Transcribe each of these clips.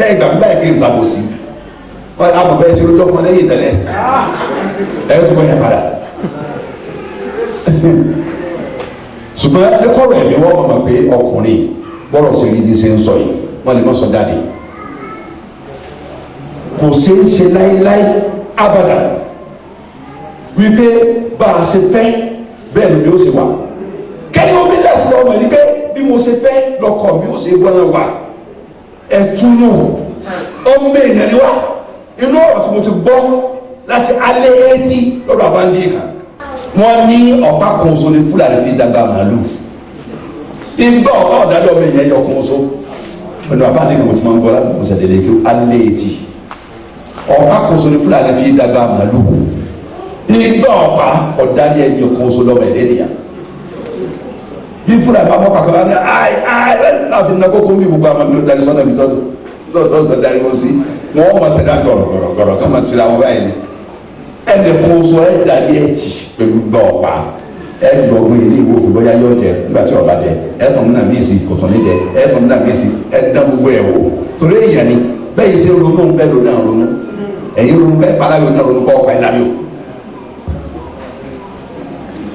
ṣe ìgbà mi báyìí kí n ṣàkóso wọn àmọ́ bẹ́ẹ̀ tí ó jọ fún ọ lẹ́yìn tẹ́lẹ̀ ẹ tó kọjá padà ṣùgbọ́n ẹkọrọ ẹmí wọn mọ̀ pé ọkùnrin bọrọ sí ní bí ṣe ń sọ yìí wọn lè má sọ dáadé kò ṣeé ṣe láéláé abàdà wípé bá a ṣe fẹ́ bẹ́ẹ̀ ni ó ṣe wà kẹ́yìn omi dẹ́sí lọ́mọ yìí pé bí mo ṣe fẹ́ lọ́kọ mi ó ṣe gbọ́n náà wà ẹ̀túnú ọmọ èèyàn ni wá inú ọ̀rọ̀ tí mo ti gbọ́ láti alẹ́ etí lọ́dọ̀ àfáńdíkà wọ́n ní ọ̀pá kan so ni fúlàní fi dàgbà màálù ìgbà ọ̀pá ọ̀dájọ́ ọmọ èèyàn yọ kan so ọ̀dọ̀ àfáńdíkà mo ti máa ń gbọ́ láti mọ̀ọ́sẹ̀ dédé kí alẹ́ etí ọ̀pá kan so ni fúlàní fi dàgbà màálù ìgbà ọ̀pá ọ̀dájọ́ ẹni kan so lọ́mọ ẹ̀lẹ́nìyàn bí fúlà bá mọ́ pàkàlà ní àì àì ẹ̀ láfi nà kókó mi gbogbo àwọn mi ò darí sọ́nà mi tọ́jú tọ́jú darí wọn sí wọn mọ̀ tẹ̀lé gọ̀rọ̀gọ̀rọ̀ tó mọ̀ tìlà wọn báyìí ẹnì kan sọ ẹ̀ dàrí ẹ̀ tì pẹ̀lú gbọ́ ọ̀pá ẹ̀ lọ wọ ilé ìwò òkú bóyá yọ jẹ nígbà tí ọba jẹ ẹ̀ tọ̀ múnà mí sí kòtò ní jẹ ẹ̀ tọ̀ múnà mí sí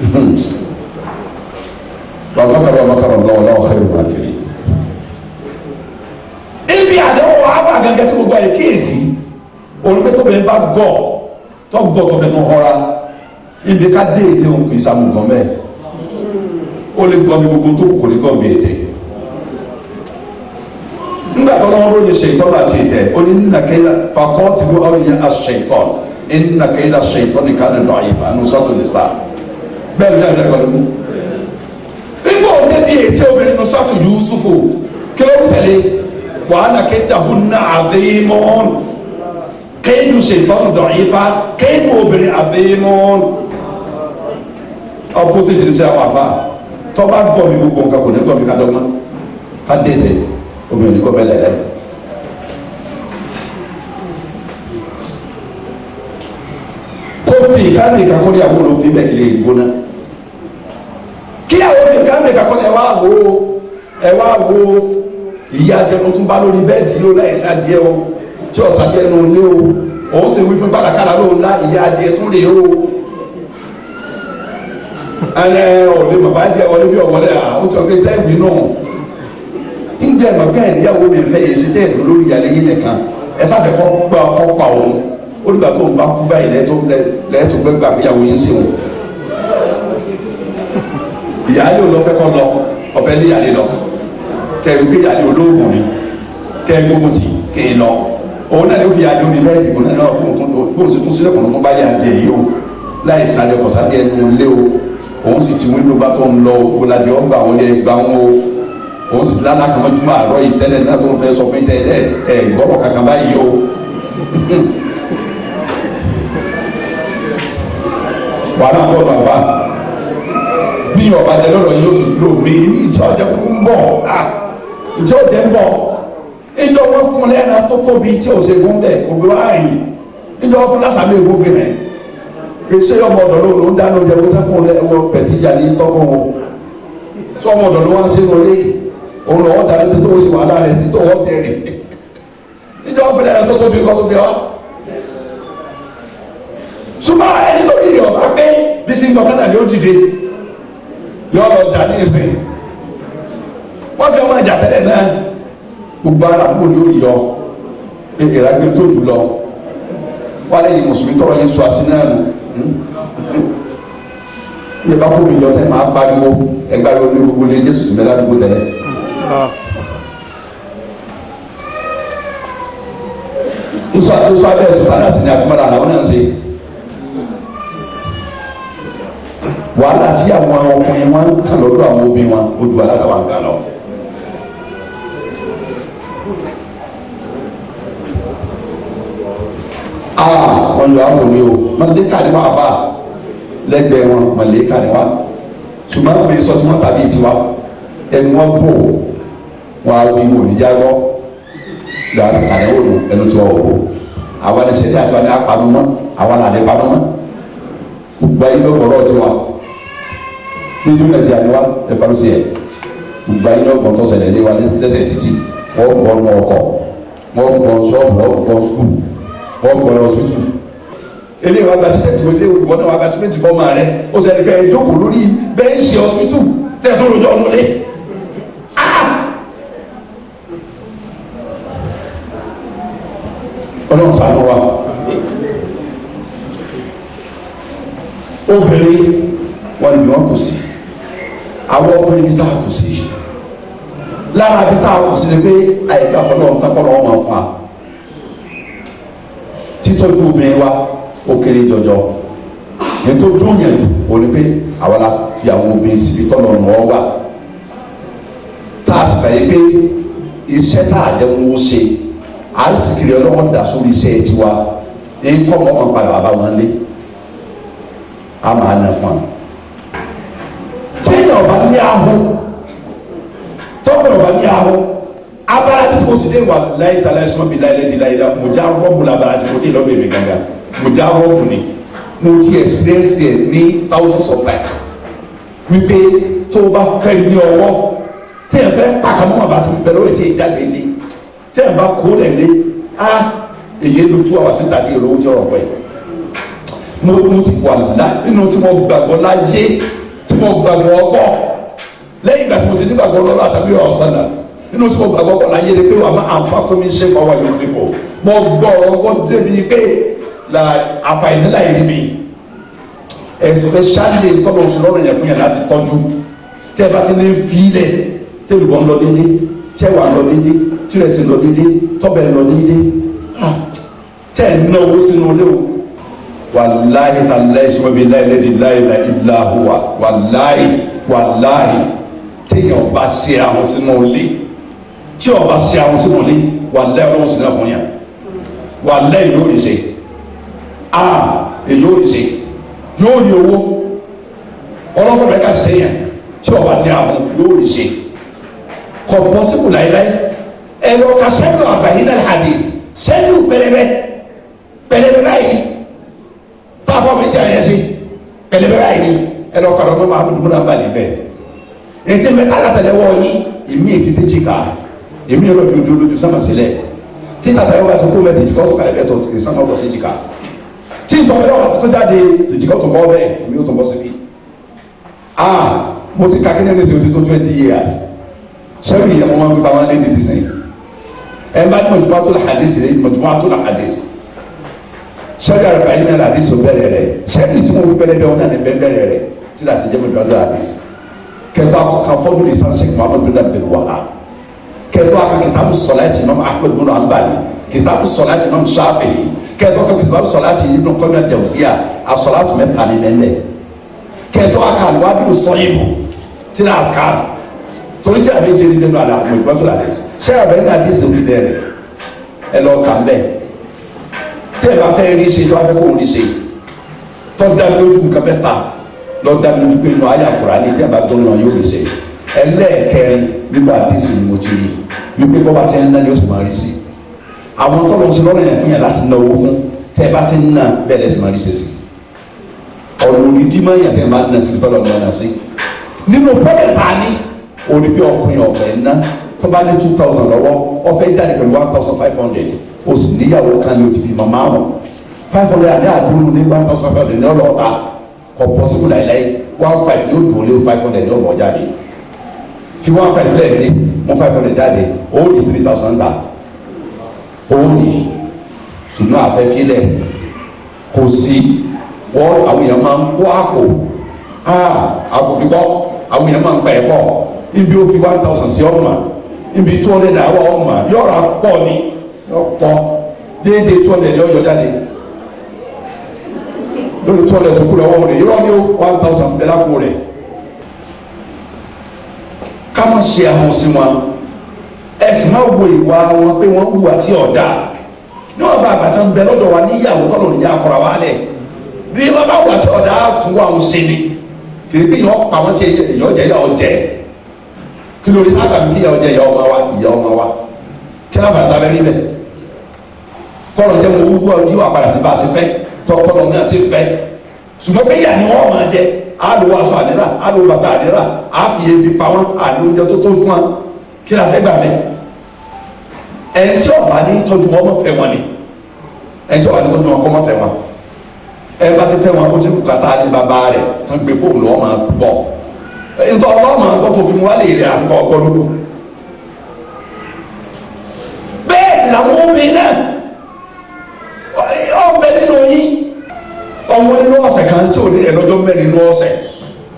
ẹ̀ wàmọ́kàrọ̀ wàmọ́kàrọ̀ lọ́wọ́ lọ́wọ́ xẹ́rù wà kiri. ibi àdéhùn wa bá gẹ́gẹ́ tí mo gbọ́ yìí kíyèsí olùkẹ́tọ̀bẹ̀ bá gọ̀ tó gọ̀ tó fẹ́ mọ́ ọ́ra ibi ká dé ètè òun kì í sàmù nǹkan bẹ́ẹ̀ ó lè gbọ́ mi gbogbo tó kò lè gbọ́ mi ètè nígbà tó lọ́wọ́ lóye ṣètọ́nù àti ètè ó ní nàkẹ́lá fàkọ́ọ̀tì ló àwọn èèyàn àṣetọ́n ní nàkẹ́lá ṣètọ́nù ká lè lọ àyè fà á sọ́tò nìsa bẹ́ẹ̀ ni nígbà òde bíi ètí obìnrin nù sọ́tù yusufu kí ló ń tẹ̀lé wàhálà kédàhùn náà àdéhìmọ́n kéèdù ṣètọ́nù dọ̀yìfá kéèdù obìnrin àdéhìmọ́n opposite ní sẹ́ àwọn àfa tọ́ba gbọ́ mi gbogbo nǹkan kò ní gbọ́ mi ká dọ́gbọ́n ká dé tẹ̀ obìnrin ní kò bẹ́ẹ̀ lẹ́yìn. kófì káàdì kakọ́lé àwọn olùfín bẹ́ẹ̀ kì í gbóná kíyàwó nìkan nìkan kọ́ ẹ wá wo ẹ wá wo ìyá jẹun tún bá lórí bẹ́ẹ̀dì yóò láì sáàdìẹ o tí ọ̀sà jẹnu lé o òun sì wí fún bàlákàlà lóun lá ìyá jẹ tún lè o ẹnẹ ọ̀lẹ́ bàbá jẹ ọ̀lẹ́ bí ọ̀wọ́lẹ́ àwọn tí wọ́n fi tẹ́ ìwé náà ńgbẹ́ ẹ̀mọ́ bẹ́ẹ̀ níyàwó mi fẹ́ yẹ sí tẹ́ ìlú lórí ìyàlẹ́ yìí nìkan ẹ sáfẹ́ kọ́ pa òun ó dìgbà tó ń bá kú báyìí lẹ́ẹ̀tọ́ gbẹ́gbà fíyàwó yín sí wọn ìyáálé òun lọ́fẹ́ kọ́ lọ ọ̀fẹ́ lé ìyáálé lọ kẹ̀rù pé ìyáálé olóògùn ni kẹ̀rù gbógun tì kè é lọ òun náà ló fi ìyáálé omi bẹ́ẹ̀ dìbò náà bóun sì tún sílẹ̀ kùnú tó bá yà jẹ yìí o láì sálẹ̀ kọ̀sálẹ̀ ẹnu lé o òun sì ti wíńdò bá tó ń lọ o lajẹ ọgbà wọn yẹ gbà wọn o òun sì lánàá kan mọ́jú máa rọ yìí tẹ́lẹ̀ náà tó ń fẹ́ sọ fún tẹ́lẹ̀ ẹ̀ gbọ́dọ̀ kankan báyìí o wàhálà bọ́ọ̀lù àbá bí ọ̀bàjẹ́ lọ́rọ̀ yóò fi lò mí ní ìtọ́ ọ̀jẹ̀ kúkú ń bọ̀ à ìtọ́ ọ̀jẹ̀ ń bọ̀ ìjọ wọn fún lẹ́nu tó tóbi tí ò ṣe gún bẹ́ẹ̀ kò gbé wá yìí ìjọ wọn fún lásàmì ègbó gbé rẹ̀ èso ọmọ ọ̀dọ̀ ló ń dáná oúnjẹ wọ́n tẹ́ fún ọ pẹ̀tí ìyàlẹ́ tọ́ fún wọn tí ọmọ ọ̀dọ̀ ló ṣe lọlé òun lọ́wọ́ dáná tó tó ṣe wàhálà rẹ̀ sí tó wọ́n tẹ̀ ìjọ wọn fún lẹ́nu tó tóbi kọ́ tó gbé wá ẹni tó yìí ọ̀bá pé bí sinmi ọ̀kadà ni ó dìde yọ lọ jà ní ìsìn wọ́n fi ọmọ ìjà tẹ́lẹ̀ náà gbogbo ara kúrò ní òòlì yọ ìlera gbé tó jù lọ wọ́n lẹ́yìn mùsùlùmí tọrọ yín sọ àsínà lò ní bá kó mi yọ tẹ́ máa pariwo ẹgbàá lórí gbogbo ní Jésù sì mẹ́lá gbogbo tẹ́lẹ̀. nsọ àti nsọ abẹ́ sùpàdà sí ni àfimọ́ra àwọn náà ṣe. wàhálà tí àwọn ọkùnrin wọn ń kàn lọ́dọ̀ àwọn obìnrin wọn ojú alágbàwá ń kàn lọ. aa wọn lọ àwọn òní o mọlẹka ni wọn bá lẹ́gbẹ̀ẹ́ wọn mọlẹka ni wọn ṣùgbọ́n àwọn èso tí wọn tàbí tiwa ẹnu wọn bò wọn á bí wọn ò ní jágbọ gbàgbé àdéhùn ẹnu tí wọn ò bò àwọn ẹni sẹdí àti wọn ni apanu àwọn àdébanu gbogbo ayé ló tiwa níbi nàìjíríà ni wa ẹ fa lọsí ẹ gbogbo ayé náà gbọ́n tó ṣẹlẹ̀ ní wa lẹ́sẹ̀ títì wọ́n gbọ́n mọ ọkọ̀ wọ́n gbọ́n sọ́ọ̀bù wọ́n gbọ́n skul wọ́n gbọ́n lọ́sítù eléyìí wàá gba sísẹ́ǹtì wọlé olùwọ́n náà wàá gba sísẹ́ǹtì fọ́ọ̀mù rẹ ó ṣẹlẹ̀ bẹ́ẹ̀ jókòó lórí bẹ́ẹ̀ ń ṣe ọ̀sítù tẹ̀sán lójọ́ ọ̀nulẹ̀ ọlọ́run sàánú wa obìnrin wọn ni wọn kò sí àwọn obìnrin bí tá a kù sí lára bí tá a kù sí ni pé àyíká fọlọ́run tápọ̀lọ́ wọn máa fa títọ́jú obìnrin wa ó kéré jọjọ nítorí tó yẹn jù ó ní pé àwa la fi àwọn obìnrin síbi tọ́lọ̀ nù ọ́ tá a sì fà yí pé iṣẹ́ tá a jẹ́ ń wó ṣe à ń sì kiri ọlọ́wọ́ dà sórí iṣẹ́ tiwa ní kọ́ mọ́ máa padà bá wọn lé a máa nà fún wa ọba ní ahọ́ tọ́gbọ̀n ọba ní ahọ́ abala bí tí mo sì dé wà láyé ta láyé sọmọ mi láyé lẹ́dí láyé la mo já rọ́ọ̀bù la bala tí dé lọ́bẹ̀ mi gangan mo já rọ́ọ̀bù ni mo ti experience ẹ̀ ní thousands of times wípé tó o bá fẹ́ ní ọwọ́ tẹ́ ẹ fẹ́ pàkàmọ́ àbá tí mo bẹ̀rẹ̀ ó ti jáde ní tẹ́ ẹ bá kó lẹ̀ lé á èyí ló tú àwọn síta tí èrò ó jẹ́ ọ̀pẹ́ mo ti wà lá nínú tí mo gbàgbọ́ láyé mo gbàgbọ́ ọgbọ́ lẹ́yìn ìgbà tí mo ti nígbàgbọ́ lọ́la àtàbí ọ̀sán náà nínú tí mo gbàgbọ́ ọgbọ́ láyé ni pé wà má àǹfà tó mi ṣe fọwọ́ yóò ní fọ mo gbọ́ ọgbọ́ débi pé la àfàìní láyé ni mi especially tọ́lọ̀ oṣù lọ́rùn yẹn fún yẹn láti tọ́jú tẹ́ ẹ bá ti ní fílẹ̀ tẹ́ olùkọ́ ń lọ déédé tẹ́ wà ń lọ déédé tírẹ̀sì ń lọ déédé tọ́bẹ̀ ń lọ déédé ah, tẹ́ ẹ̀ ń náwó sínú olóòwò wàláyé tàláyé sọ́bí láyé lẹ́dí láyé la ilá huwa wàláyé wàláyé téèyàn ọba ṣe àwọn sínú ilé tí ọba ṣe àwọn sínú ilé wàláyé ọlọ́run sì náà fún yàn wàláyé yóò lè ṣe a èyí ò lè ṣe yóò rí owó ọlọ́run bẹ́ẹ̀ ká ṣe yàn tí ọba ní àwọn yóò lè ṣe kò pọ́sibù láyéláyé ẹ̀rọ ka sẹ́nu àgbáyé náà hadith sẹ́nu pẹlẹbẹ pẹlẹbẹ báyìí táwọn mi jẹ́ ẹ̀yẹ́sì pẹ̀lẹ́bẹ̀rẹ̀ àyè ẹ̀rọ kọ̀ọ̀dọ̀ mọ́ mahamudu múna balẹ̀ bẹ́ẹ̀ ètí mi alátẹ̀lẹ́wọ̀ yín èmi ètí dé jìkà èmi yẹn lọ́jọ́ ojú olójú sáma sílẹ̀ tí tàbí ẹ̀wọ̀ àti kúrò mẹ́tẹ̀ẹ̀jì kọ́ sọ̀kalẹ̀ bẹ́ẹ̀ tó sáma bọ̀ sí jìkà tí ìtọ́mọdé wà tó jáde jìkà tó bọ́ bẹ́ẹ̀ èmi yóò tó bọ́ síbi. ah mo ti ka kíni ẹnìsìn tó twenty years sẹ́mi ìyẹn mo máa fi bá wọn lé nídìí sẹ́yìn ẹ̀ ń bá ní mọ̀jùmọ́ àtúnlá sẹ́kì àrùbáyé náà làdísù bẹ̀rẹ̀ rẹ̀ sẹ́kì tí mo fi bẹ̀rẹ̀ bẹ̀ wọn náà ní bẹ̀rẹ̀ rẹ̀ tí láti jẹ́ mi dọ́dọ̀ àdísù kẹtọ́ akọ̀ka fọ́mùlì sanṣẹ́kì muhammadu bin abdul wahab kẹtọ́ aka kìtàbù sọ̀láìtì imam ahmed bin anbali kìtàbù sọ̀láìtì imam shafi kẹtọ́ aka kìtàbù sọ̀láìtì ibn kọ́nyà jẹ̀wùsíyà asọ̀láìtì mẹ́ta ní mẹ́lẹ̀ kẹtọ́ aka alùwádìí sọ̀yìnbù tí náà sàkàlù torí tí a bẹ jẹ́ ní dẹ́nu àlàkùn ìgbàtúrà dẹ́sí sẹ́yà bẹ́ẹ̀ ní àdìsí orí dẹ́rẹ́ ẹ lọ́ọ́ kà ń bẹ́ẹ̀ tẹ́ ẹ bá fẹ́ rí ṣe tó a fẹ́ kó rí ṣe tọ́ da lójú nǹkan bẹ́ẹ̀ ta lọ́ da lójú pé nù ayé àkùrá ni tẹ́ ẹ bá tó nù yóò rí ṣe ẹlẹ́ẹ̀kẹrin nígbà àdìsí ni mo ti rí wípé bọ́ba ti ń ná ni ó sì máa rí sí àwọn tọ́lọ̀ ń ṣe lọ́rùn yẹn fún yẹn láti ná owó fún tẹ́ ẹ bá ti ń ná bẹ́ẹ̀ lẹ́sìn máa rí ṣe sí ọ̀rọ̀ òní dímọ̀ yẹn tẹ́ ẹ máa ná sí tọ́lọ̀ ń sí nínú pọ́lẹ̀ ta ni orí bí ọkùnrin ọ̀fẹ́ ná tó bá ní two thousand lọ́wọ́ ọ̀fẹ́ jáde pẹ̀lú one thousand five hundred o sì níyàwó kan ní o ti bímọ márùn five hundred àti àdúró ní one thousand five hundred ní ọlọ́ọ̀ta kò possible láìláì one five ní o dùn lé five hundred ní ọmọ jáde fi one five lẹ́ẹ̀dẹ́ mú five hundred jáde o ní three thousand gbà o ní ṣùgbọ́n àfẹ́fílẹ̀ kò sí wọ́n àwọn èèyàn máa ń kó àpò àbùdíkọ́ àwọn èèyàn máa ń pẹ̀ pọ̀ níbi ó fi one thousand sí ọ̀ma níbi two hundred àwọ̀ ọ̀ma yọ̀ọ̀ra pọ̀ ni. ọ̀pọ̀ déédéé two hundred yọ yọ jáde lórí two hundred tó kú one thousand bẹ́ẹ̀ lápò rẹ̀ ká má ṣe àwọn sí wọn ẹ̀sìn máa wo ìwà wọn pé wọ́n hùwà tí ọ̀dà níwọ̀n bá àgbàtà bẹ lọ́dọ̀ wa níyàwó tọ́lọ̀ wa lẹ̀ bí bá wà tí tún wà ń bí yọ pa wa ọmọ wa kí tọrọ jẹ wọn wúwo yí wà padà sí bá a ṣe fẹ́ tọkọlọ náà ṣe fẹ́ ṣùgbọ́n péyà ni wọ́n máa jẹ àlùwọ̀ aṣọ àdírà àlùwọ̀ bàtà àdírà àfi ebi pa wọn àlùjẹ tó tó fún wa kí la fẹ́ gbà mẹ́ ẹni tí ọba ní tọ́jú wọn mọ̀ fẹ́ wọn ni ẹni tí ọba ní tọ́jú wọn kọ́ mọ̀ fẹ́ wọn ẹni bá ti fẹ́ wọn kó ti kú kàtà ní bàbá rẹ̀ tó ń gbé fóònù lọ́wọ́ máa gbọ́ ntọ́ ọlọ́ọ̀ máa gbọ́ tó fi wálé rẹ̀ àfikọ́ ọgbọ́n lódò tí ò ní rẹ̀ mẹ́rin inú ọ̀sẹ̀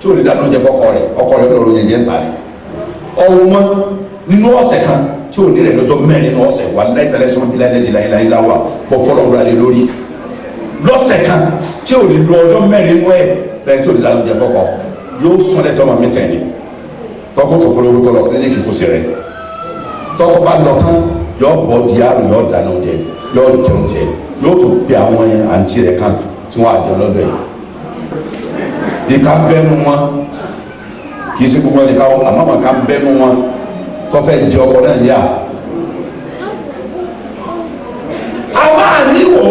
tí ò ní dáná oúnjẹ fọkọ rẹ̀ ọkọ rẹ̀ lọ́rọ̀ oúnjẹ ń parí ọ̀hún mọ́ nínú ọ̀sẹ̀ kan tí ò ní rẹ̀ mẹ́rin inú ọ̀sẹ̀ wà láìtẹ́lẹ̀ sọ́n bí láìlẹ́ dìlà ìlà ìlà wà bọ́ fọlọ́ wúra lé lórí lọ́sẹ̀ kan tí ò ní lọ ọjọ́ mẹ́rin inú ẹ̀ tí ò ní dáná oúnjẹ fọkọ yóò sún ẹ̀ tọ́mọ mi tẹ̀ tọ́kọ tó fọlọ́ orúkọ tún pe àwọn àǹtí rẹ̀ kan tí wọ́n á jẹun lọ́dọ̀ yìí ìka bẹ́nu wọn kì í ṣe gbogbo ẹnìkan wọn àmọ́ wọn ka bẹ́nu wọn kọfẹ́ jẹ ọkọ náà yá. àwa àníwò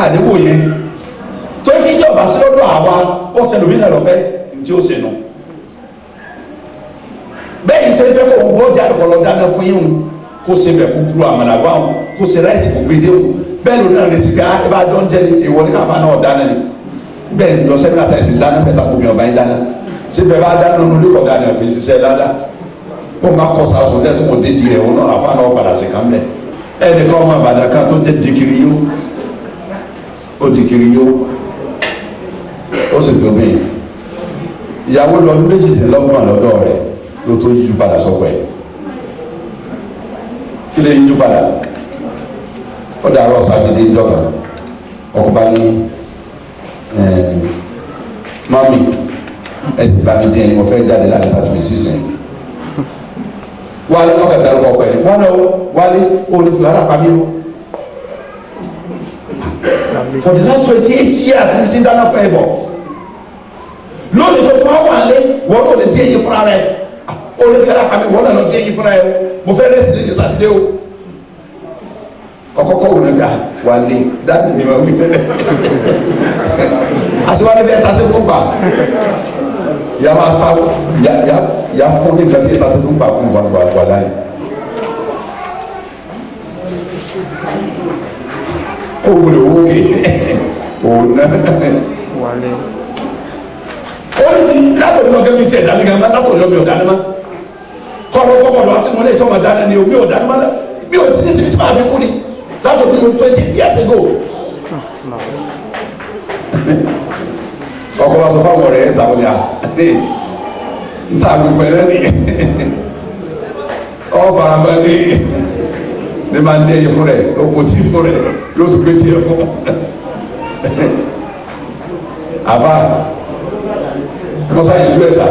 àníwò yẹn tó kí jọba sí lọ́dọ̀ àwa ó ṣẹlòmínà lọ́fẹ́ ntí ó ṣe nù bẹ́ẹ̀ yìí sẹ́ni fẹ́ kó gbọ́ jáde kọ́ lọ dáná fún yín o kó se bẹ́ẹ̀ kúkúrú àmàlà wá o kó se ráìsì kò gbé dé o bẹ́ẹ̀ ló náà retí pé ah, ẹ bá dán jẹ́ ni èèwọ̀ ní káfa náà dáná ni bẹ́ẹ̀ sì lọ sẹ́mínà tẹ̀ sí dáná bẹ́ẹ̀ tako mi ọ̀bá yín dáná ṣé bẹ́ẹ̀ bá dáná nínú ilé kọ̀ọ̀gá ni àbí ṣiṣẹ́ dáná kó má kọ́ sàṣọ dẹ́ tó kò dé di rẹ̀ wọn náà àfa náà padà sí kan bẹ́ẹ̀ ẹnì kan ọmọ àbàdàn kan tó jẹ́ dikiri yó ó dikiri yó ó sì tó bẹ́ẹ̀ ìyàwó lọ ní méjìdínlọ́gbọ̀n lọ́dọ̀ rẹ̀ ló tó yíjú padà sọ́kọ̀ ẹ̀ kí lè yíjú padà ó dàrọ́ sátidé dọ́gba ọkọ̀ bá ní Ehm, mami ẹ ti bá mi jẹ ẹni mo fẹ́ jáde láti bá ti mi sísìn wálé wọn kẹta lọkọ pẹ̀lú wọn lọ wálé òní fìlà àpá mi o for the last twenty eight years ní ti dáná fẹ́ bọ̀ lónìí tó tún wá wà lé wọn lónìí dé yìí fúnra rẹ òní fìlà àpá mi wọn lọ dé yìí fúnra rẹ mo fẹ́ lé sílẹ̀ ní sátidé o ọkọkọ wò nàgà wà lé ni wà wí tẹ́lẹ̀ asiwari bẹ tàtẹ kó gbà yà má pa yà yà yà fún mi gàdí tàtẹ kó gbà fún wàlúwà wàlá yìí. kó wúlò wó ké òun náà wàlé. ó ní látọ̀ ní ọgá mi tiẹ̀ dání gan látọ̀ ní ọmọ yọ̀ dání ma kọ́ ọ̀rọ̀ gbọ́dọ̀ wá sí mọ́lẹ̀ tí ma dání ni omi ò dání ma dá mi ò tí ní síbi tí fi kú ni that will be twenty years ago. ọkọ wa sọ fáwọn ọ̀rẹ́ ẹ tàwọn yà n ta mi pẹ̀lẹ́ ni ọfà abẹni ní máa ń dé yìí fún rẹ òkò tí fún rẹ yóò tún gbé tiẹ̀ fún àbá mọ́sá yìí dúró ẹ̀ sá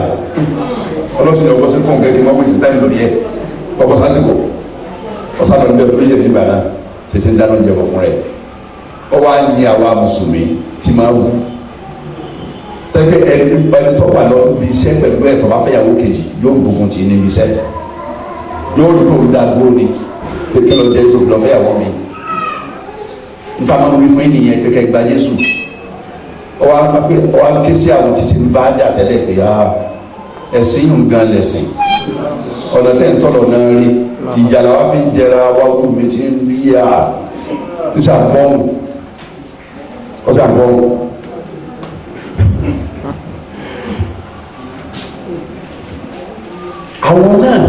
ọlọ́sìn yóò wọ́sí fún gẹ́gẹ́ mọ́ pé lórí ẹ̀ ọkọ̀ sásìkò ọ̀sán lọ́nà bẹ́ẹ̀ lórí ẹ̀ nígbà náà tètè ń dáná oúnjẹ bọ̀ fún rẹ̀ ọ wá ń yẹ àwa mùsùlùmí tí máa wù tẹ́gbẹ́ ẹni ẹni tó wà lọ́dún bíi iṣẹ́ pẹ̀lú ẹ̀ tó bá fẹ́ yàwó kejì yóò gbógun tì í níbi iṣẹ́ yóò rí kó o da dúró ni pé kí ló dé tó fi lọ fẹ́ yàwó mi nta máa ń wí fún ènìyàn pé kẹ́ gba Jésù ọ wá pé ọ wá ké sí àwọn títí bá dà tẹ́lẹ̀ pé ah, ẹ̀sìn yìí gan lẹ̀sìn ọ̀nà tẹ́ ń tọ́lọ̀ náà rí ìjà làwa fi ń jẹra wa ojú mi ti ń rí a nísà bọ́ọ̀mù ọ̀sà bọ́ọ̀mù. àwọn náà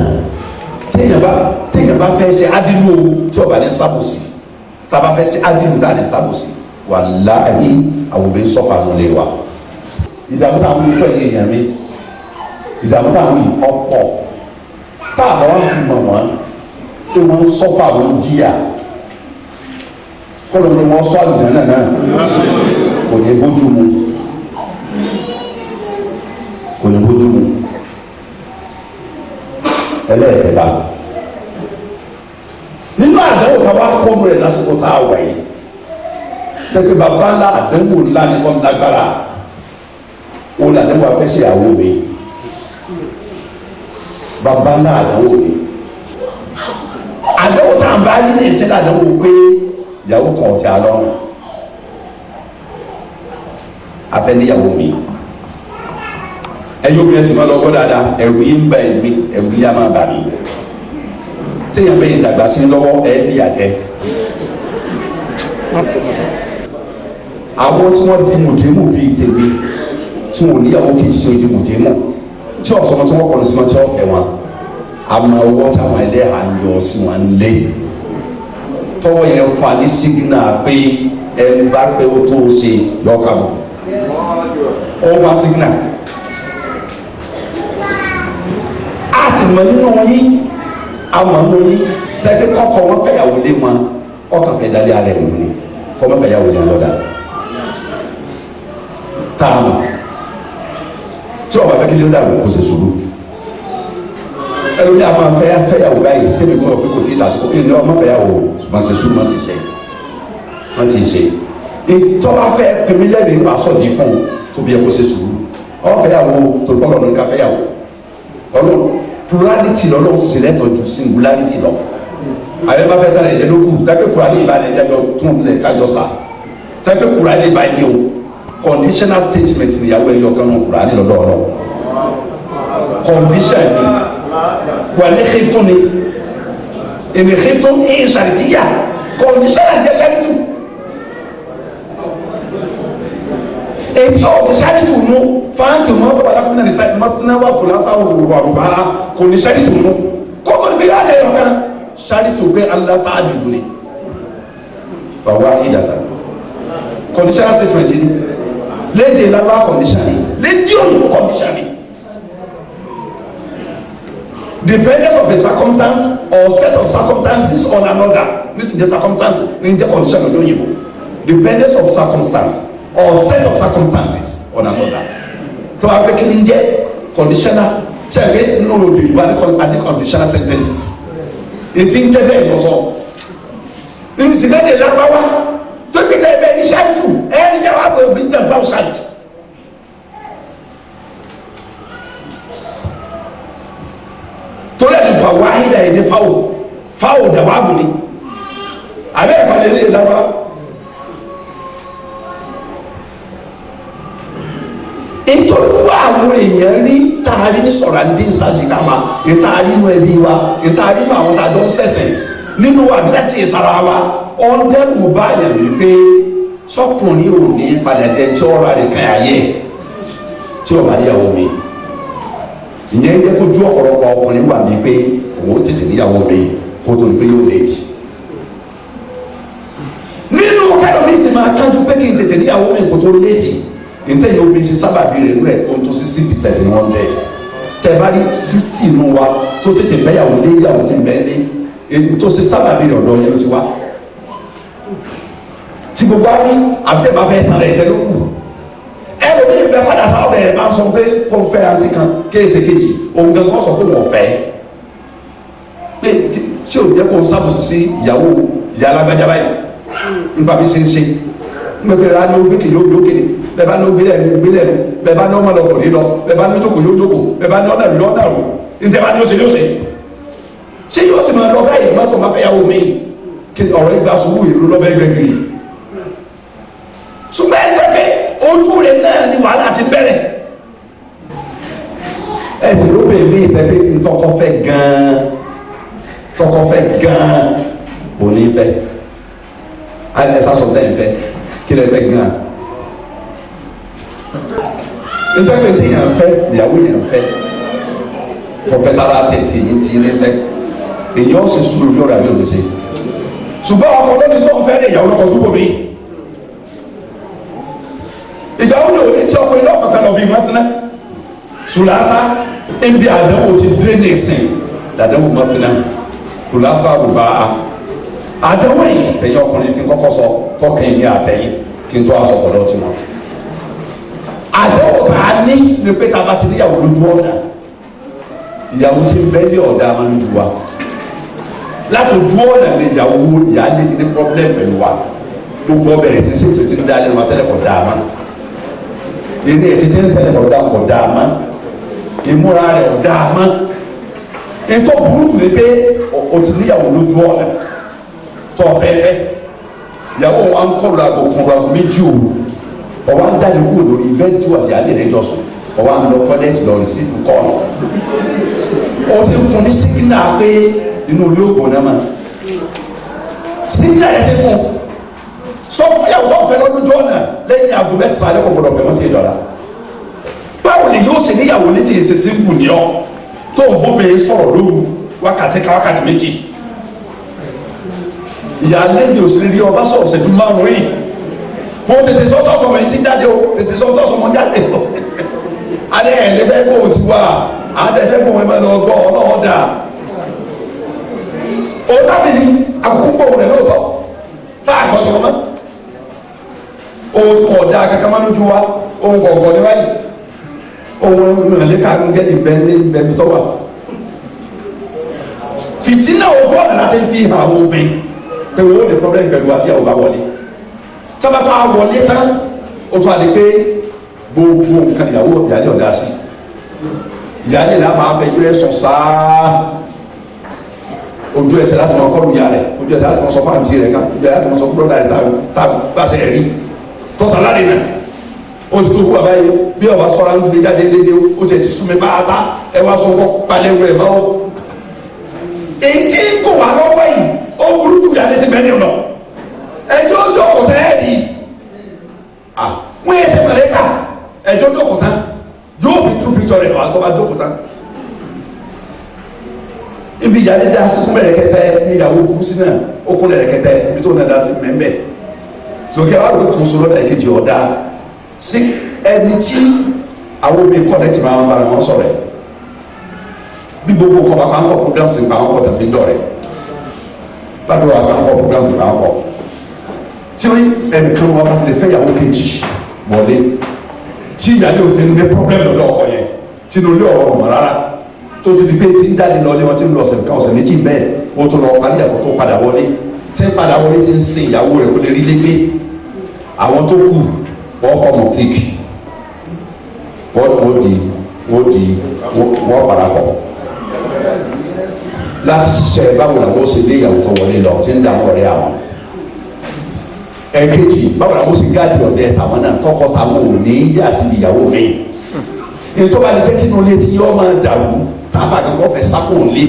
téèyàn bá téèyàn bá fẹ́ ṣe ádìlú owó tí ọba ní sábòsí tá a bá fẹ́ ṣe ádìlú tá a ní sábòsí wàláhì àwọn òbí ń sọ́fà nulẹ̀ wa ìdààmú táwọn yìí pẹ̀lú èèyàn mi ìdààmú táwọn yìí ọ̀pọ̀ tá a bá wà fún mọ̀ wọ́n pé wọ́n ń sọ́fà wọ́n ń jìyà kọ́lọ́ ni wọ́n sọ àlùjànnà náà kò ní bójú mu kò ní bójú mu ẹlẹ́ẹ̀kẹta nínú àdánwò ká wá kọ́nu rẹ̀ lásìkò tá a wà yìí pẹ̀pẹ́ bàbá ńlá àdánwò ńlá ní kọ́nu lágbára òun làdánwò afẹ́sẹ̀ àwọn òbí bàbá ńlá àdánwò òbí àdéhùn tá à ń bá yí ní ìsìn àdéhùn pé ìyàwó kan ọ̀tí alọ́run afẹ́ níyàwó mi ẹ̀yin obìnrin sì máa lọ gbọ́dọ̀ dáadáa ẹ̀rù yìí ń bá ẹ̀mí ẹ̀rù yìí á máa bà mí téèyàn bẹ́ẹ̀ dàgbà sí lọ́wọ́ ẹ̀ fi yà jẹ́ àwọn tí wọ́n di mùdímù bíi tèmi tí wọ́n níyàwó kejì tí wọ́n di mùdímù tí ọ̀sán tí wọ́n kọ̀ lọ sí wọn tí wọ́n fẹ́ wọn àmọ́ ọwọ́ táwọn ẹlẹ́hà ń yọ sí wọn lé tọwọ́ yẹn fún wa ní sígínà pé ẹni bá pé ó tó o ṣe lọ́ọ̀kà bọ̀ ó wá sígínà a sì mọ nínú yín àmọ́ nínú yín tẹ́gbẹ́ kọ́kọ́ wọn fẹ́yàwó lé wọn ọkàn fẹ́ dalẹ́ alẹ́ ìlú ni kọ́ wọn fẹ́yàwó lé lọ́dà tá a mọ̀ tí ọba fẹ́ kí ló dà wọ́n kó ṣe sùúrù ẹlò ní a máa fẹ́ fẹ́yàwó báyìí tẹ́lẹ̀ gbọ́dọ̀ pé kò tí ì lásìkò kí ni ọmọ fẹ́yàwó ṣùgbọ́n sùn wọ́n ti ṣe wọ́n ti ṣe ìtọ́ba fẹ́ pèmí lẹ́bi nípa sọ̀dí fún un tó fi yẹ ṣe sùúrù ọ fẹ́yàwó tó gbọ́dọ̀ lórí ká fẹ́yàwó ọlọ́ plurality lọ́lọ́ sì lẹ́tọ̀ ju singularity lọ àbẹ bá fẹ́ tán ẹ̀jẹ̀ tẹ́pẹ́ kura ní ìbàdàn ìdájọ́ tún lẹ̀ kájọ sá kan náà kura ní lọ́dọ̀ ọ̀rọ̀ condition ni wàlẹ́ xeftun ni èmi xeftun èyí sàrìtìyà kò ní sàrìtìyà sàrìtù èyí ò ní sàrìtù nù fáńkì mọ́ tó wà lápẹ́ nàní sàrìtù mọ́túnà wà fúlà táwọn olùwà rúbà kò ní sàrìtù nù kókó ní bíyà lẹ́yìn kan sàrìtù bẹ́ẹ̀ aláta àdìgún ni fàwa ìdàtà kò ní sàrìtù fẹ̀tì lédè lábá kò ní sàrìtù lédè òun kò ní sàrìtù dependence of a circumstance or set of circumstances on another this is the circumstance ninja condition olóyìnbó dependence of circumstance or set of circumstances on another tó a pé conditional. ni jẹ́ conditional ṣẹlẹ̀ nínú òde ìgbà ní conditional sentences ètí ń jẹ́ bẹ́ẹ̀ lọ́sọ̀ nsìlẹ̀ lè lápá wá tó kí tẹ́ ẹ bẹ́ẹ̀ ní ṣáìtù ẹ̀ ẹ́ ní jẹ́ wàá bọ̀ ẹ̀ bí jẹ́ torí ẹni fa wáhídà yìí ní fáwò fáwò dàwáàbò ni àbẹ́ ìpàdé lè lábá. nítorí àwọn èèyàn rí taari ní sọ̀rọ̀ àdín sáàjì kama ìtaari inú ẹbí wa ìtaari inú àwọn tàjọ ń sẹ̀sẹ̀ nínú àbílẹ̀tì ìsara wa ọ̀ndẹ́rù báyà wípé sọkùnrin ò ní padà dẹ tí ọ̀rọ̀ àdìkàyà yẹ tí ọ̀rọ̀ àdìyàwó mi ìyẹn jẹ́ kójú ọ̀pọ̀lọpọ̀ ọkùnrin wà mí pé òun tètè níyàwó mi kó tó ní pé yóò léètì nínú kẹlòmí sì máa kájú pé kí n tètè níyàwó mi kó tó léètì nítorí omi ti sábàbí rẹ̀ rẹ̀ ohun tó sixty percent ní one hundred tẹ bá rí sixty nù wa tó tètè fẹ́yàwó lé ìyàwó ti mẹ́lẹ́ èyí tó ṣe sábàbí rẹ̀ ọ̀dọ́ yẹn ló ti wá tí gbogbo àwọn àfẹ́bàfẹ́ tán rẹ̀ tẹ́lẹ̀ kù ẹlòmí ìgbẹ́ padà fáwọn bẹ̀rẹ̀ máa sọ pé kò fẹ́ àti kan kéèsì kejì òun gan kọ́ sọ pé wọ́n fẹ́ pé ṣé o jẹ́ kó n sábòsí sí ìyàwó ìyá alágbájá báyìí hmm. nípa bí ṣe ń ṣe nígbà bí ra ní o gbèkè yóò gbèkè bẹ́ẹ̀ bá ní o gbélé ẹni gbélé ẹni bẹ́ẹ̀ bá ní ọmọ lọkọ̀ ní lọ bẹ́ẹ̀ bá ní ojókòó yóò jókòó bẹ́ẹ̀ bá ní ọ̀dàrú yóò dàrú ntẹ́ bá ní o ṣe yóò ṣe ṣé yóò sì máa lọ báyìí mọ́tò máa fẹ́ yàwó mi ọ̀rọ̀ ìgbà sùúrù ìlú ojú rẹ̀ náà ni wàhálà ti bẹ̀rẹ̀ ẹsẹ̀ lóbìnrin mi ìtẹ́fẹ́ ntọ́kọ́fẹ́ gan-an tọkọfẹ́ gan-an òní fẹ́ alẹ́ sasọ̀tẹ́ ìfẹ́ kí lè fẹ́ gan-an ntọ́kẹ́ tí yàn fẹ́ ìyàwó yàn fẹ́ tọfẹ́ lára tètè yìí ti ilé fẹ́ èyí ọ̀sẹ̀ sùúrù yọ̀ọ̀rọ̀ àbí òní ṣe ṣùgbọ́n ọkọ̀ lónìí tó ń fẹ́ ní ìyàwó lọ́kọ̀ tó bò mí ìgbà wo ni òní tí ọkùnrin náà kankan lọ bí wọn fúnná sùlásá ebi àdánwò ti dé ní ìsìn làdánwò wọn fúnná sùlásá àbùbá a àdánwò yìí ẹ̀yìn ọkùnrin kí n kọ́kọ́ sọ tọkàn yìí àtẹ̀yìn kí n tó aṣọ pọ̀lọ́ tí wọn. àdánwò tá a ní ni pé tá a bá ti níyàwó lójú ọ̀dà ìyàwó ti ń bẹ́ ní ọ̀dà máa lójú wa látòjú ọ̀nà ni ìyàwó ìyá lè ti ní pọ́blẹ́mù pẹ̀lú wa gbogbo ọbẹ̀ rẹ̀ ti ń ṣètò ti ń dá lẹ́nu wa tẹ́lẹ̀ kọ̀ dáa máa eré ẹ̀ títí ń tẹ̀lé ọ̀dà ọ̀dà mọ́ ìmúra rẹ̀ ọ̀dà mọ́ ètò burúkú ni pé o ti níyàwó lójú ọ̀nà tó o fẹ́fẹ́ ìyàwó wa ń kọ́ lọ àgò kan lọ méjì òru ọba ń dájú kúrò lórí bẹ́ẹ̀ tí wà sí alẹ́ rẹ̀ jọ̀sùn ọba ń lọ tọ́lẹ́tì lọ rìsífù kọ́ọ̀lù o ti fún ní sígínà pé inú olóògbò náà mà sígínà yẹn ti fún un sọ ìyàwó tó fẹ́ lọ́dún jọ́ náà lẹ́yìn aago mẹ́sàn án lẹ́kọ̀ọ́ gbọ́dọ̀ pé wọ́n ti dọ̀la báwo ni yóò ṣe níyàwó ní ti ṣe sínkù ní ọ tó ń bóbìnrin sọ̀rọ̀ lóru wákàtí ká wákàtí méjì ìyáálé ni òsèré rí ọba sọ̀rọ̀ ṣẹ́jú márùn-ún yìí mo tètè sọ tọ́sọ̀ mọ̀ etí jáde o tètè sọ tọ́sọ̀ mọ̀ jáde o alẹ́ ẹ̀ lẹ́fẹ́ bò ó ti wá àtẹ̀fẹ́ bò wọ́n ẹ̀ máa lọ gbọ́ ọlọ́wọ́ dà òun láti àkókò rẹ̀ lóòótọ́ tá àgbọ̀tọ̀ mọ́ ohun tí wọn da kankan máa lójú wa ohun kọ̀ọ̀kan ní báyìí ohun ìrìnlẹ̀ kàánú gẹ́gẹ́ bẹ́ẹ̀ ní bẹ́ẹ̀ tó wà. fìtínà ojú ọ̀nà láti fi hàn àwọn obìnrin pé wọ́n lè problem pẹ̀lú àti àwọn bá wọlé tábàtọ̀ àwọlé tán o tún àlè pé gbogbo nǹkan ìyàwó ìyáálé ọ̀dà sí ìyáálé là máa fẹ́ yọ ẹ̀sùn sáá ojú ẹsẹ̀ láti mọ kọ́lù ìyá rẹ̀ ojú ẹsẹ̀ láti mọ sọ fáǹtì rẹ̀ kan ojú ẹsẹ̀ láti mọ sọ kúrọ́dà rẹ̀ tá a gbàṣẹ rẹ̀ rí tọ́sáládé náà ó ti tó wú àbáyé bí ọba sọ́ra ń gbé jáde léde ó ti ti súnmi bá a ta, ẹ wá sọ kọ́ palẹ̀ wẹ̀ máa ó. èyí tí kò wá o yìí ó burú jù jáde sí mẹ́rin lọ ẹjọ́ ọjọ́ kò tẹ́ ẹ̀ rí wọ́n yẹ sẹ́ mọ̀lẹ́kà ẹjọ́ ọjọ́ kò tán yóò fi tú pítọ̀ rẹ̀ wá tó bá jókòó tán ibi ìyá dídá sí fún mẹ́rẹ̀kẹ́tẹ́ níyàwó kú sí náà ó kún lẹ́rẹ̀kẹ́tẹ́ ibi sókè àwọn àwọn tó so lọ́dà ìkejì ọ̀dà sí ẹni tí àwọn omi kọ́lẹ̀ ti máa ń bára wọn sọ̀rọ̀ ẹ̀ bí gbogbo kọ́ bá máa ń kọ́ programs ń bá wọn kọ́ tàfi ń dọ̀rẹ̀ bàbá wa máa ń kọ́ programs ń bá wọn kọ́ tí wọ́n ẹnìkan wọn bá ti lè fẹ́ ìyàwó kejì wọlé tí ìyáálé o ti ní problem lọ́dọ̀ ọkọ yẹn tí inú ilé ọ̀rọ̀ mọ̀ rárá tó ti di pé ti ń dáadé lọ ní wọn ti ń lọ ọ̀sẹ̀ nǹkan ọ̀sẹ̀ méjì bẹ́ẹ̀ wọ́n tó lọ parí àkókò padà wọlé tẹ́ padà wọlé ti ń sin ìyàwó rẹ̀ kó lè rí lé gbé àwọn tó kù wọ́n fọmù kíkì wọ́n wọ́n di wọ́n di wọ́n parapọ̀ láti ṣiṣẹ́ báwo làwọn ó ṣe lé ìyàwó kan wọlé lọ tí ń dààmú ọ̀rẹ́ àwọn ẹ̀kejì báwo la mo sì gáàdì ọ̀dẹ tàwọn náà kọ́kọ́ tàwọn ò ní yá sí ìyàwó mi ní tó bá lè jẹ́ kí inú ilé tí yọ́ máa dàrú káfà kan wọ́n fẹ́ sákò ńlé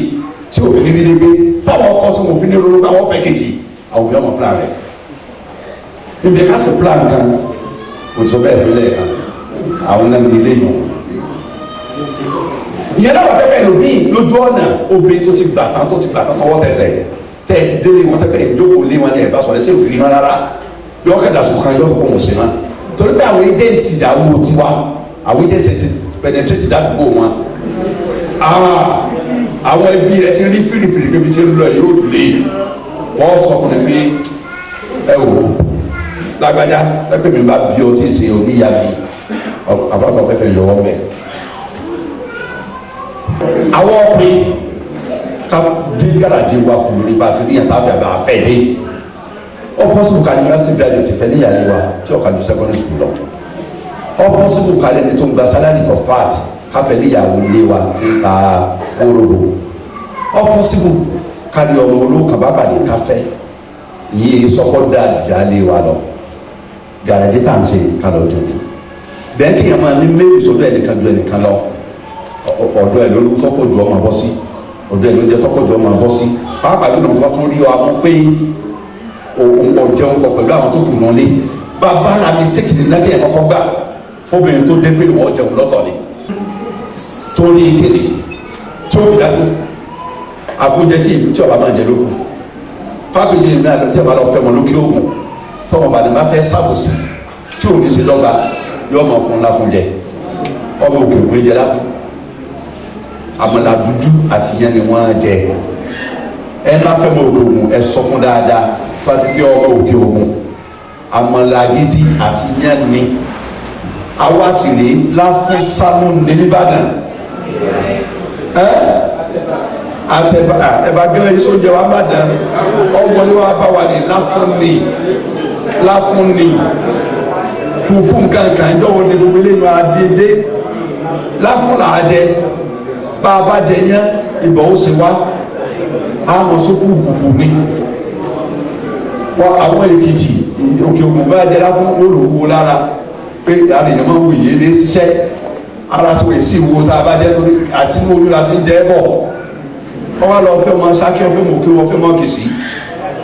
tí òfin ní bí lé gbé táwọn ọkọ tí mo fi ní ronú bá wọ́n fẹ́ kejì àwùjọ ọmọ fúnra rẹ̀ níbi ká sì plan kan kò tó bẹ́ẹ̀ fílẹ̀ kan àwọn náà ní ilé yìí ìyẹn náà wà pẹ́pẹ́ lómi lójú ọ̀nà obìnrin tó ti gbà tán tó ti gbà tán tọwọ́ tẹsẹ̀ tẹ́ ẹ ti délé wọn tẹ́pẹ́ ìjókòó lé wọn ní ẹ̀bá sọ̀rọ̀ ẹsẹ̀ òfin rárá yọ kẹ́dà sùn kan yọ kó wọn sí ma torí pé àwọn agents ìdáwó tiwa àwọn agents ti penetrate dàgbò wọn ah, àwọn ẹbí rẹ ti rí fìrìfìrì pé bí ti ń lọ yóò lé wọn sọ fún mi pé ẹ wò ó lágbájá ẹgbẹ́ mi bá bí o tí ì ṣe òbí ya mi àbátọ̀ fẹ́fẹ́ yọ ọ́ mẹ́. àwọn ọ̀pìn ká dé gàràjì wa kù lórí bá a ti rí yàtá àfẹ́ àbá afẹ́ dé ọ̀pọ̀sibù ká yunifásitì gíráàjì ti fẹ́ níyàlé wa o, ọ̀ka ju sẹ́kọ́ndì sùkúl lọ ọ̀pọ̀sibù ká lẹ́ni tó ń gba sálárì tó fáàtì káfẹ́ níyàwó lé wa ti ń ta orobo ọ̀pọ̀sibù ká ní ọmọ olókàbábàdé káfẹ́ yìí sọ́kọ́ dáa jù yá lé wa lọ gàrẹ́jì tá à ń ṣe kálọ̀ ọjọ́ tó bẹ́ẹ̀ kí yẹn máa ní méjì sọ́dọ̀ ẹnìkan ju ẹnìkan lọ ọ̀dọ̀ ẹ̀ lórí tọ́pọ̀ ju ọmọ bọ́ sí ọ̀dọ̀ ẹ̀ ló jẹ́ tọ́pọ̀ ju ọmọ bọ́ sí pàápàá jùlọ tó bá tún rí ọ pé òun ọ̀jẹun kọ pẹ̀lú àwọn tó kù náà lé bàbá ra mi sékìlì náà yẹn kọ́kọ́ gbà fóbìnrin tó dé pé ìwọ ọ̀jẹun lọ́tọ̀ ni tó ní ìkèrè tó dàgbò àfojẹ́tì tí ọba máa jẹ lókun fábìlì náà lọ́jọ́ bá lọ fẹ́ mọ́ lókè òògùn tọ́wọ́ bàdàn bá fẹ́ ṣàbòsí tí ò ní sí lọ́ba yóò mọ̀ fún láfún jẹ ọmọ òkè òwe jẹ láfún àmàlà dúdú àti yẹn ni wọ́n jẹ ẹ má fẹ́ mọ òkè ògùn ẹ sọ fún dáadáa fati fi ọmọ òkè ògùn àmàlà gidi àti yẹn ni àwa sì ní láfún sánú ní nìbàdàn ẹ àtẹ̀bà ẹ̀bà gbẹ́rẹ́ yìí sóúnjẹ wa bàdàn ọgbọ́n ni wàá bá wà ní láfún ni láfún ni funfun kankan ìjọwọ́ ni gbogbo eléyìí adédé láfún là la jẹ Baba a bá jẹ yẹn ìbọn ó ṣe wá àwọn sókù kùkù ni wọn àwọn èkìtì òkè òkun bá jẹ láfún olùwò lára pé àlèyàn máa ń wòye lé ṣiṣẹ́ ara tó yẹ sí ìwo tá a bá jẹ torí àtinúwòlú la ti ń jẹ bọ̀ wọ́n wá lọ fẹ́ wọn sákẹ́ wọn fẹ́ wọn òkè wọn fẹ́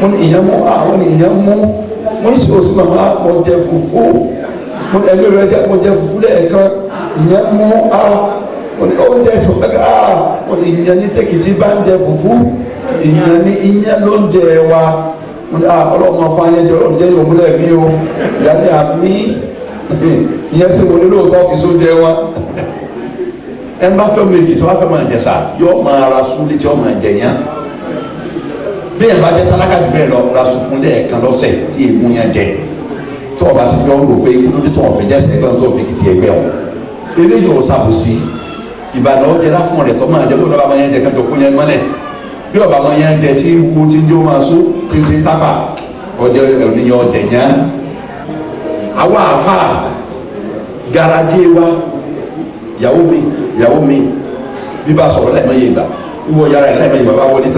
wọ́n ní ìyẹn mú àwọn ní ìyẹn mú wọ́n ní sọ sí màmá mo jẹ fùfú wọ́n ẹ̀mí rẹ̀ jẹ́ mo jẹ lẹ́ẹ̀kan ìyẹn mú a wọ́n ní oúnjẹ tó gbẹ́gà a wọ́n ní ìyẹn ní tẹ́kìtì bá ń jẹ fùfú ìyẹn ní ìyẹn ló ń jẹ wa wọ́n a ọlọ́mọ fún ayẹyẹ ọ̀rọ̀ jẹ́ ìwòmúlẹ̀ mi o ìyáni àmì ìyẹn sì wọlé lóòótọ́ kì í sóúnjẹ wa ẹ bá fẹ́ mi kì í tó bá fẹ́ máa jẹ sá yọ máa ra súnlé tí ọ máa jẹ yẹn bí ẹ̀ bá jẹ́ tálákà jù bẹ́ẹ̀ lọ ra sùn fún lẹ́ẹ̀kan lọ́sẹ̀ tí egun yẹn jẹ tó o bá ti fi ọ́ rò pé kí ló dé tó o fi jẹ́sẹ̀ ẹgbẹ́ tó o fi kìtì ẹgbẹ́ o eléyìí ò sàbòsí ìbàdàn ó jẹrà fún rẹ̀ tó máa jẹ lóòrùn àbámọ́ yẹn jẹ kájọ kó yẹn mọ́lẹ̀ bí ọ̀bà mọ́ yẹn jẹ tí wo ti ń jó máa só ti ń sin tábà ọjọ́ ènìyàn ọ̀jẹ̀ yẹn àwa àfa garaje wa yàwó mi yàwó mi bí bá sọ̀rọ̀ láì mọ́ yé gbà wíwọ yàrá ẹ̀ láì mọ́ yé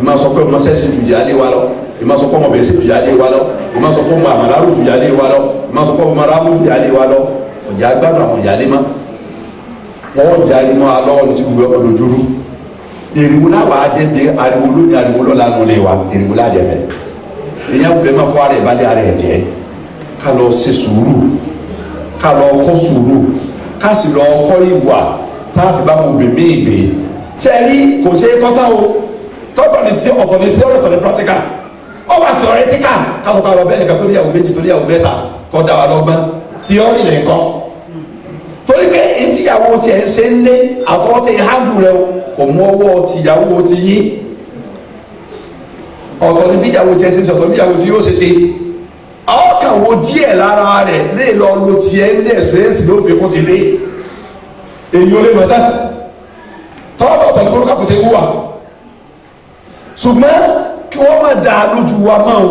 ìmọ̀ sọ pé ọmọ sẹ́sì jù yálé wa lọ ìmọ̀ sọ pé ọmọ bẹ̀rẹ̀ sí jù yálé wa lọ ìmọ̀ sọ pé ọmọ àmàlárù jù yálé wa lọ ìmọ̀ sọ pé ọmọ aráàlú jù yálé wa lọ ọ̀jà gbádùn àwọn ìyálé má wọ́n jáde mọ́ alọ́wọ́ ní ti gbogbo ọkọ̀ lójúrú èrìwò náà wàá jẹ́ pé ariwo lónìí ariwo lọ́la nù lé wa èrìwò náà jẹ́ bẹ́ẹ̀ ìyá wùlẹ̀ máa fọ́ ara ẹ̀ balẹ̀ ara ẹ̀ jẹ́ ká lọ ṣe sùúrù ká lọ kọ́ sùúrù ká sì lọ kọ́ ìwà táàfin bá mo bèmí ìgbé tẹ́rí kò ṣe é kọ́tà o tọ́gbà ní tí ọ̀tọ̀ ní theory ọ̀tọ̀ ní practical ó wà theoretical kásán pa ọ̀bẹ nìkan tó ní méjì tó ní mẹ́ta kọ́ da wa lọ́gbọ́n theory lè kọ́ torí pé etí ìyàwó tiẹ̀ ń ṣe ń lé àtọ́wọ́ ti handle rẹ o kò mú ọwọ́ ti ìyàwó ti yí ọ̀tọ̀ ní bí ìyàwó tiẹ̀ ṣe ṣe ọ̀tọ̀ ní bí ìyàwó ti yóò ṣe ṣe ọkàn wo díẹ̀ lára rẹ̀ lè e lọ lo tiẹ̀ ní experience ló fi kún ti lé èyí ó lè mọ̀ tán ní kó ṣe wúwà ṣùgbọ́n kí wọ́n máa dà lójú wa máa o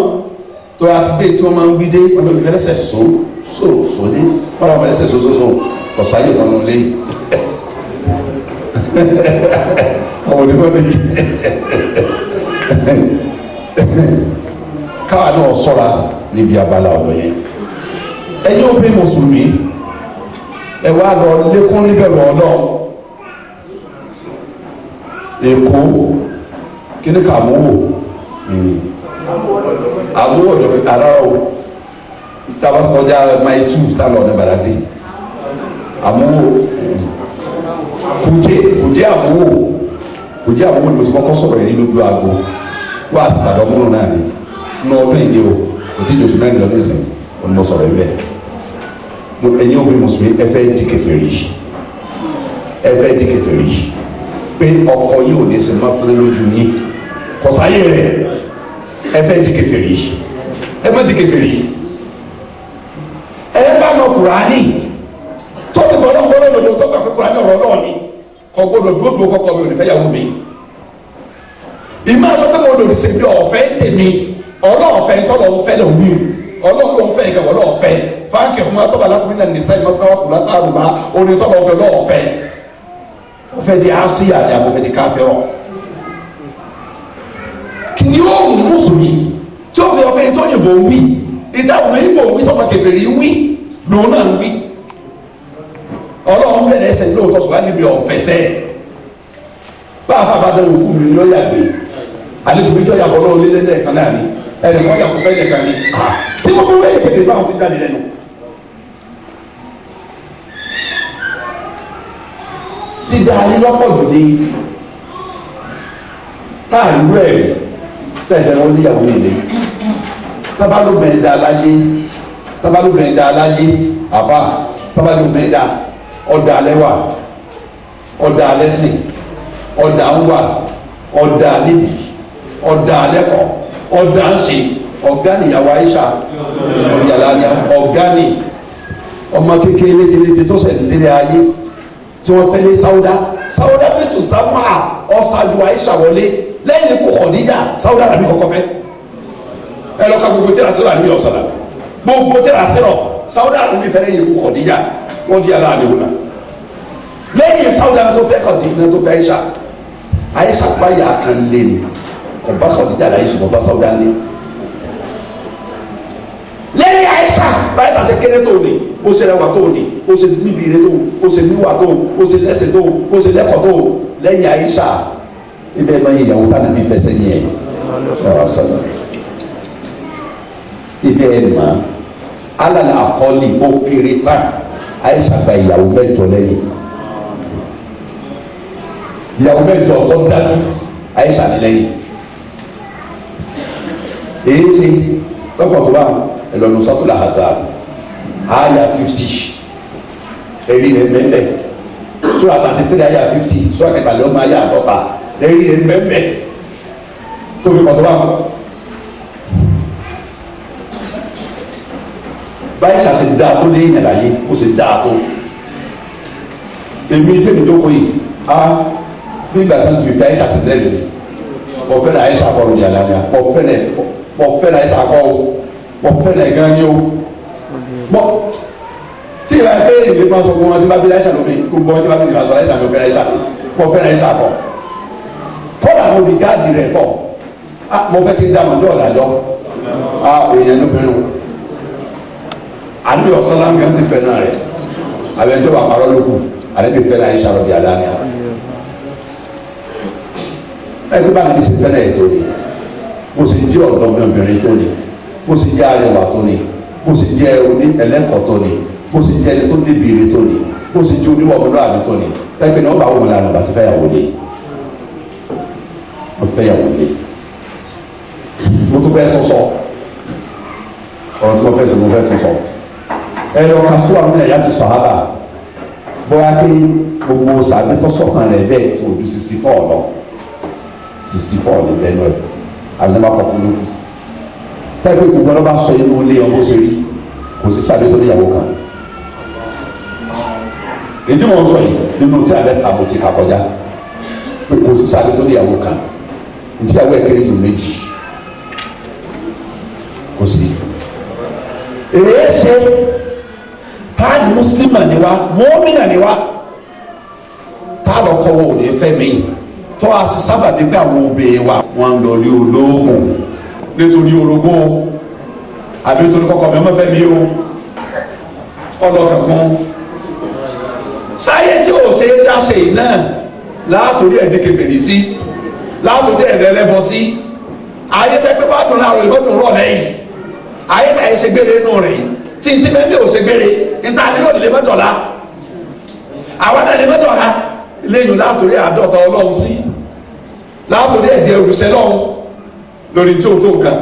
tó a ti bẹ́ẹ̀ tí wọ́n máa ń wí dé ọmọ mi lẹ́sẹ̀ so so so dé wọ́n máa lẹ́sẹ̀ so so so ọ̀sáyé wọn ló lé ọmọ ní wọn lè yí káwa náà sọ́ra níbi abala ọ̀dọ̀ yẹn ẹ̀yin obìnrin mùsùlùmí ẹ wá lọ lékún níbẹ̀rù ọlọ́ọ̀ èkó kíní ká mú wò àbúrò hmm. ọ̀dọ̀ fi tara o tábà kọjá máì tù tá lọ ní baradé àmúwò kùjé kùjé àmúwò kùjé àmúwò ni mo ti kọ́kọ́ sọ̀rọ̀ yìí lójú aago wá àsìkàdọ́ múnú náà ni nínú ọdún yìí o kò tí jòsùn náà nìyọ̀ọ́ nísìnyí wọn bọ sọ̀rọ̀ yìí bẹ́ẹ̀ mo ẹ̀yin òbí mùsùlùmí ẹ fẹ́ di kèfèrí ẹ fẹ́ di kèfèrí pé ọkọ yìí ò ní sinmi lójú yìí kọ̀sáyé rẹ̀ ẹ fẹ́ di kèfèrí ẹ má di kèfèrí ẹ bá mọ Kurani. tó sì gbọ́dọ̀ gbọ́dọ̀ lòdò tó gbà pé kùránì ọ̀rọ̀ náà ni kò gbọ́dọ̀ dúró dúró kọ́kọ́ mi ò ní fẹ́ yàwó mi ìmọ̀ sọ pé mo lòdì sí mi ọ̀fẹ́ tèmi ọlọ́ọ̀fẹ́ tọ́lọ́ọ̀fẹ́ lọ wí ọlọ́ọ̀fẹ́ ìkà ọlọ́ọ̀fẹ́ fáńkì ọmọ atọ́ba lákùnrin náà nìsa ìmọ̀ fúnra fúnra táàrùbá orin tọ́lọ́ọ̀fẹ́ lọ́ọ̀fẹ́ ọ̀fẹ́ di ásíyà ni àbọ̀fẹ́ di káfẹ́ ọ̀ ni ó mú mùsùlùmí tí ó fi ọmọ ẹni tó yìnbó wí ìta ọmọ yìnbó wí tọmọ kèfèrí wí lòun náà wí ọlọ́run bẹ̀rẹ̀ ẹsẹ̀ lóòótọ́ sọ̀rọ̀ níbi ọ̀fẹ́sẹ̀ bá a fà bá dẹrù kú mi lọ́yà gbé àlejò méjì ọ̀yà bọ̀ lọ́wọ́ lélẹ́ lẹ́ẹ̀kan náà ni ẹnì kan yà kó fẹ́ lẹ́ẹ̀kan ni tí wọ́n bẹ̀rẹ̀ yẹ kékeré báwọn fi jáde lẹ́nu. dídá ayé lọ́pọ̀ jù ní táà lú ẹ̀rí tẹ̀sẹ̀ wọn níyàwó ilé tábà ló bẹ̀rẹ̀ da aláyé tábà ló bẹ̀rẹ̀ dá aláyé àbá tábà ló bẹ̀rẹ̀ dá ọ̀dà alẹ́wà ọ̀dà alẹ́sìn ọ̀dà ńwà ọ̀dà níbi ọ̀dà alẹ́kọ̀ọ́ ọ̀dà ńṣe ọ̀gá nìyàwó Aisha ọ̀yàlá ni ọ̀gá ni ọmọ kékeré létílétí tó sẹ̀ nílé ayé tí wọ́n fẹ́ lé sáwúdá sáwúdá bẹ́ẹ̀ tó sá máa ọ̀ṣájú Aisha wọlé lẹ́yìn ikú Khadija sáwọ́dà làbí kọ́kọ́ fẹ́ ẹ lọ ka gbogbo tẹ́lá sẹ́rọ̀ àlùmí ọ̀sán gbogbo tẹ́lá sẹ́rọ̀ sáwọ́dà làbí fẹ́ lẹ́yìn ikú Khadija wọ́n di ara àlewò náà lẹ́yìn sáwọ́dà tó fẹ́ Khadija tó fẹ́ Aisha Aisha bá yà á kan lé ni ọba Khadija là yìí sùn ọba sáwọ́dà lé lẹ́yìn Aisha bá Aisha ṣe kéré tó ni ó ṣe rẹwà tó ni ó ṣe níbi ire tó ó ṣe níwà tó ó ṣe lẹ́sẹ̀ tó ó ṣe lẹ́kọ̀ọ́ tó lẹ́yìn Aisha ibẹ̀ náà ìyàwó tánà bí fẹsẹ̀ ní ẹ̀ ọ̀rọ̀ sọ̀rọ̀ ibẹ̀ ẹ̀ mà alàlà àkọ́lì ó kéré tán àìsà gba ìyàwó mẹ́jọ lẹ́yìn ìyàwó mẹ́jọ tó dájú àìsà lẹ́yìn èyí ti lọ́kọ̀ tó bá ẹ̀lọ́nu sọ́tùlà hazard àyà fifty èyí rẹ̀ mẹ́lẹ̀ sura thirty three àyà fifty sura kẹtàlélọ́gbọ̀n àyà àdọ́ta lẹ́yìn rẹ̀ bẹ́ẹ̀ tó fi pàtó vai báyìí ṣàṣì dáa tó lé ìyàrá yìí ó sì dáa tó èmi tèmi tó kọ yìí a bí ìgbà tó ń tìbí fi àyíṣà sí lẹ́nu ọ̀fẹ́ náà àyíṣà kọ́ lóde àlàyé ọ̀fẹ́ náà ọ̀fẹ́ náà àyíṣà kọ́ o ọ̀fẹ́ náà gan ni o mọ tí ìwà ẹ̀ pé èmi máa sọ fún wọn tí bá bí àyíṣà lómi gbogbo wọn tí bá bí ìgbà sọ àyíṣà kọ́lá mo rí gáàdì rẹ̀ pọ̀ ah, mo fẹ́ kí n dáhùn ọjọ́ ọ̀làjọ́ a ah, òyìn lóbìnrin o àdúgbò ọ̀sán láǹkà ń sì fẹ́ náà rẹ̀ àbẹ̀jọ́ bàbá rọ́lọ́kù àdébí fẹ́ láyé sàròdì àdáni ẹgbẹ́ bá mi sì fẹ́ náà ètò ni mo sì jẹ́ ọ̀dọ́mọbìnrin tó ni mo sì jẹ́ arẹwà tó ni mo sì jẹ́ ẹlẹ́kọ̀ọ́ tó ni mo sì jẹ́ ẹni tó níbi ire tó ni mo sì jẹ́ oníwọ̀ ọmọdé àbí tó ni ẹgbẹ́ náà ó bá wọ̀ lánàá bàtí fẹ́ yà wọlé wọ́n fẹ́ yàwó lé mo tún fẹ́ tó sọ ọ̀rọ̀ tí mo fẹ́ sọ mo fẹ́ tó sọ ẹ lọ ka fún àwọn ẹ̀yà ti sàhábà bọ́lá pé gbogbo sàbí tó sọ̀kan rẹ̀ bẹ́ẹ̀ tó ju sixty four lọ sixty four ní bẹ́ẹ̀ náà àbí ní ma kọ́ kúló kù pẹ́ẹ́pẹ́ gbogbo ọlọ́ba sọ inú ilé ọmọ ṣe rí kò sí sàbí tó níyàwó kan èyí tí mo ń sọ yìí nínú tí a bẹ tàbó ti kà kọjá pé kò sí ntí àwọn ẹ̀kẹ́rẹ́ yìí méjì kò sí. èyí ṣe táàdì mùsùlùmí ni wa mọ́mìnà ni wa táàdì ọkọ wo ò ní fẹ́ mi tọ́ a sì sábà nígbà àwọn obìnrin wa wọ́n ń lọ rí olóògùn nítorí orogún àbí nítorí kọ́kọ́ mi ọmọ fẹ́ mi o ọlọ́kàn kan sáyé tí o ṣe é dáṣe yìí náà látòrí ẹ̀dínkè fèrè sí látúndé ẹ̀rẹ́rẹ́ bọ́ sí ayé tẹ́ pé bá dùn láàrọ̀ ìbọn tó ń rọ̀ lẹ́yìn ayé tẹ́ ṣe gbére inú rẹ̀ tí n ti mẹ́ mi ò ṣe gbére níta nílò nílé mẹ́tọ̀lá àwọn náà nílé mẹ́tọ̀lá lẹ́yìn látòrí àádọ́ta ọlọ́run sí látòrí ẹ̀dẹ̀ òrùsẹ́ lọ́run lórí tí o tó nǹkan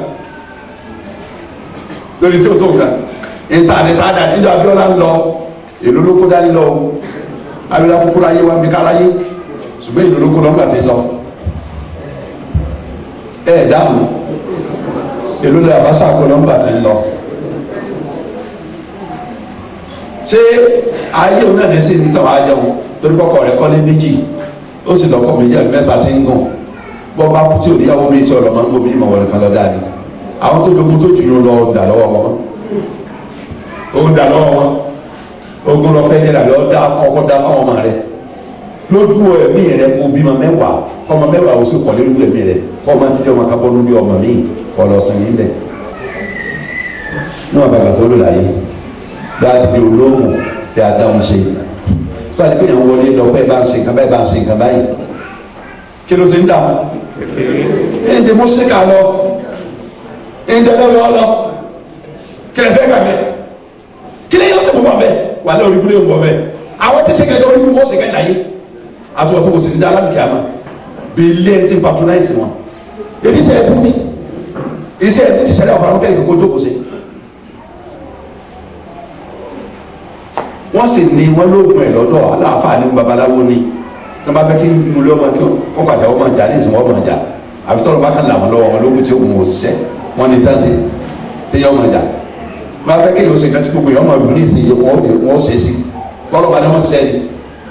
lórí tí o tó nǹkan níta níta dà níjọ Abíọ́lá ń lọ èlò lóko dání lọ Abíọ́lá kúkúrú ayé wa mi kára yé ṣùgbọ́n èlò lóko lọ́gbà ti lọ ẹ dáhùn èló lè àbáṣà kó nọ́mbà ti ń lọ ṣé ayé òun náà ní sí ní tàwọn ajẹ wọn torí kọkọ rẹ kọ́lé méjì ó sì lọ́kọ méjì àbí mẹ́ta ti ń gùn bọ́ bá kú tí ò níyàwó mi tí ọ̀rọ̀ máa ń gbòmí ìmọ̀ wọlé kan lọ dáadé àwọn tó jogún tó jù yóò lọ dà lọ́wọ́ wọn òun dà lọ́wọ́ wọn ogun lọ fẹ́ nílà lọ́ọ́ dá fún ọkọ̀ dá fún ọmọ rẹ̀ lójú ẹ̀mí rẹ kó bímọ mẹ́wàá kọ́mọ mẹ́wàá ó sì kọ́lé lójú ẹ̀mí rẹ kọ́mọ tí ọmọ kábọ́ níbi ọmọ mi ọlọ́sìn yìí bẹ̀. níwọ̀n bàbá tó lò láyé dáàbí bíi olóògùn tí a dáhùn ṣe fúlàdí pé ìyàwó wọlé lọ bẹ́ẹ̀ bá ń ṣe nǹkan bẹ́ẹ̀ bá ń ṣe nǹkan báyìí kí ló ti ń dà ẹ̀ ń di mọ́síkà lọ ẹ̀ ń dẹ́gbẹ́ lọ lọ kílẹ̀ fẹ́ gbà bẹ́ẹ̀ kílẹ̀ yóò sì mú bọ̀ bẹ́ẹ̀ wà lórí àti wọn fún kò sì ní dá alábìkí àmà bèlè ẹ ti patronize wọn ebi sẹ ẹbú mi iṣẹ ẹbí ti ṣẹlẹ̀ ọfọlọmọ kẹyìn kókó jókòó sí wọn sì ní wọn lóògùn ẹ lọ́dọ̀ aláàfáà ní babaláwo ni tí wọn bá fẹ́ kí nínú ilé ọmọ kí ọkọ àti ọmọ ìjà ní ìsìn wọn ọmọ ìjà àfi tọrọ bá kàn làwọn lọ́wọ́ wọn lókùn tí òun ò ṣiṣẹ́ wọn ní tẹsí tẹyẹ ọmọ ìjà wọn fẹ́ kí èyí ó ṣe nǹkan tí ọmọ ìlú ní ìsìn wọn ò ṣe sí tọrọ bá ní wọn ṣiṣẹ́ ni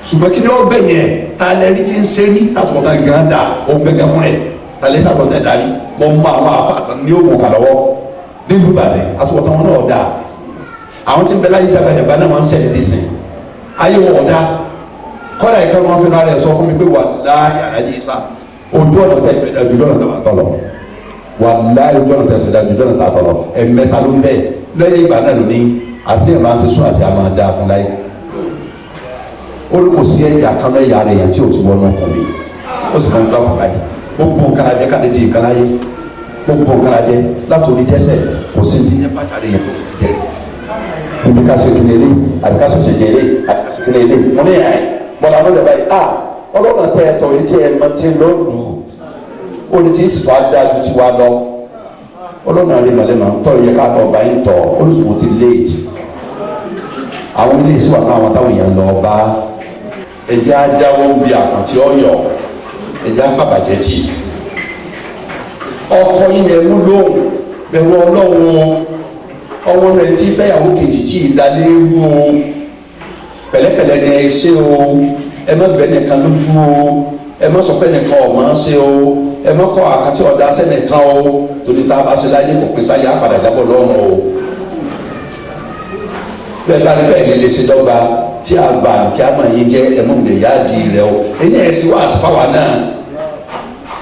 ṣùgbọ́n kí ni ó bẹ yẹn talẹ́rí ti ń ṣe rí látọ̀ ká gán dà ó gẹ́gẹ́ fún rẹ̀ talẹ́rí àtọ̀ tẹ̀ darí mọ mọ àwọn afa ní oògùn kà lọ́wọ́ nílùú Ìbàdàn àtọ̀ tán wọn náà dà àwọn tí ń bẹ láyé dàgbà dàgbà náà wọn ń ṣẹlẹ̀ dísìn ayé wọn ọ̀dà kọ́dà ìka wọn fi náà rẹ̀ sọ fún mi pé wà láàyè àlájì ìsà ojú ọ̀nà tẹ̀ fẹ́ dájú ọ̀nà tẹ̀ tọ̀ lọ wà láàyè ojú ọ̀nà tẹ̀ fẹ́ dájú ọ̀nà tẹ̀ tọ̀ lọ ẹ̀mẹ́ta ló ń bẹ̀ lẹ́yìn ìgbà náà lóní àti ẹ̀ máa ń ṣe sún àti àmà dáa fún láyé ó ní kò sí ẹ̀yà kan lẹ́yà rẹ̀ yẹn tí ò ti wọ́n náà kùn mí ó sì máa ń gbàgbọ́ láyé gbogbo nǹkan ajẹ́ ká lè di nǹkan láyé gbogbo nǹkan ajẹ́ látòrí dẹ́sẹ̀ kò sí ti yẹn bàjẹ́ rẹ̀ yẹn tó ti jẹ́rẹ̀ ibi ká ṣe kìnìún àbí ká ṣe ṣèjẹ́rẹ́ àbí ká ṣe kìnìún mo ní ẹ̀ mọ̀lá ló lè báyìí ah ọlọ́run tẹ ẹ̀tọ́ yìí tí ẹ máa ti lọ́ọ̀dù ó ní tí ìsìfà dájú tí wàá lọ ọlọ́run àrẹ màlẹ́ màá ń tọ́ yẹ ká lọ́ọ̀ bá yín tọ̀ olùsùnwó ti léètì àwọn ilé ìsìwà náà àwọn táwọn èèyàn lọ bá ẹ̀jẹ̀ ajáwọ́ ń bi àkàntì ọ̀yọ́ ẹ̀jẹ̀ apàbàjẹ́ tì ọkọ yín ẹ̀ ń lóhùn bẹ̀rù ọlọ́run ọmọ náà ti fẹ́yàwó kejì tí ìdálé rú o pẹ̀lẹ́pẹ̀lẹ́ ni ẹ o ẹ má bẹ̀ nìkan lójú o ẹ má sọ pé nìkan ọ̀ máa ń ṣe o ẹ má kọ́ àkàtì ọ̀dà sẹ́nìkan o torí tá a bá ṣe láyé kò pé sáyé àpàdà jábọ̀ lọ́rùn o bẹ́ẹ̀ bá rí bẹ́ẹ̀ lè lè ṣe dọ́gba tí a bá kí a máa yín jẹ ẹmọ mi lè yá di rẹ o ẹni ẹ sì wáàsí fáwa náà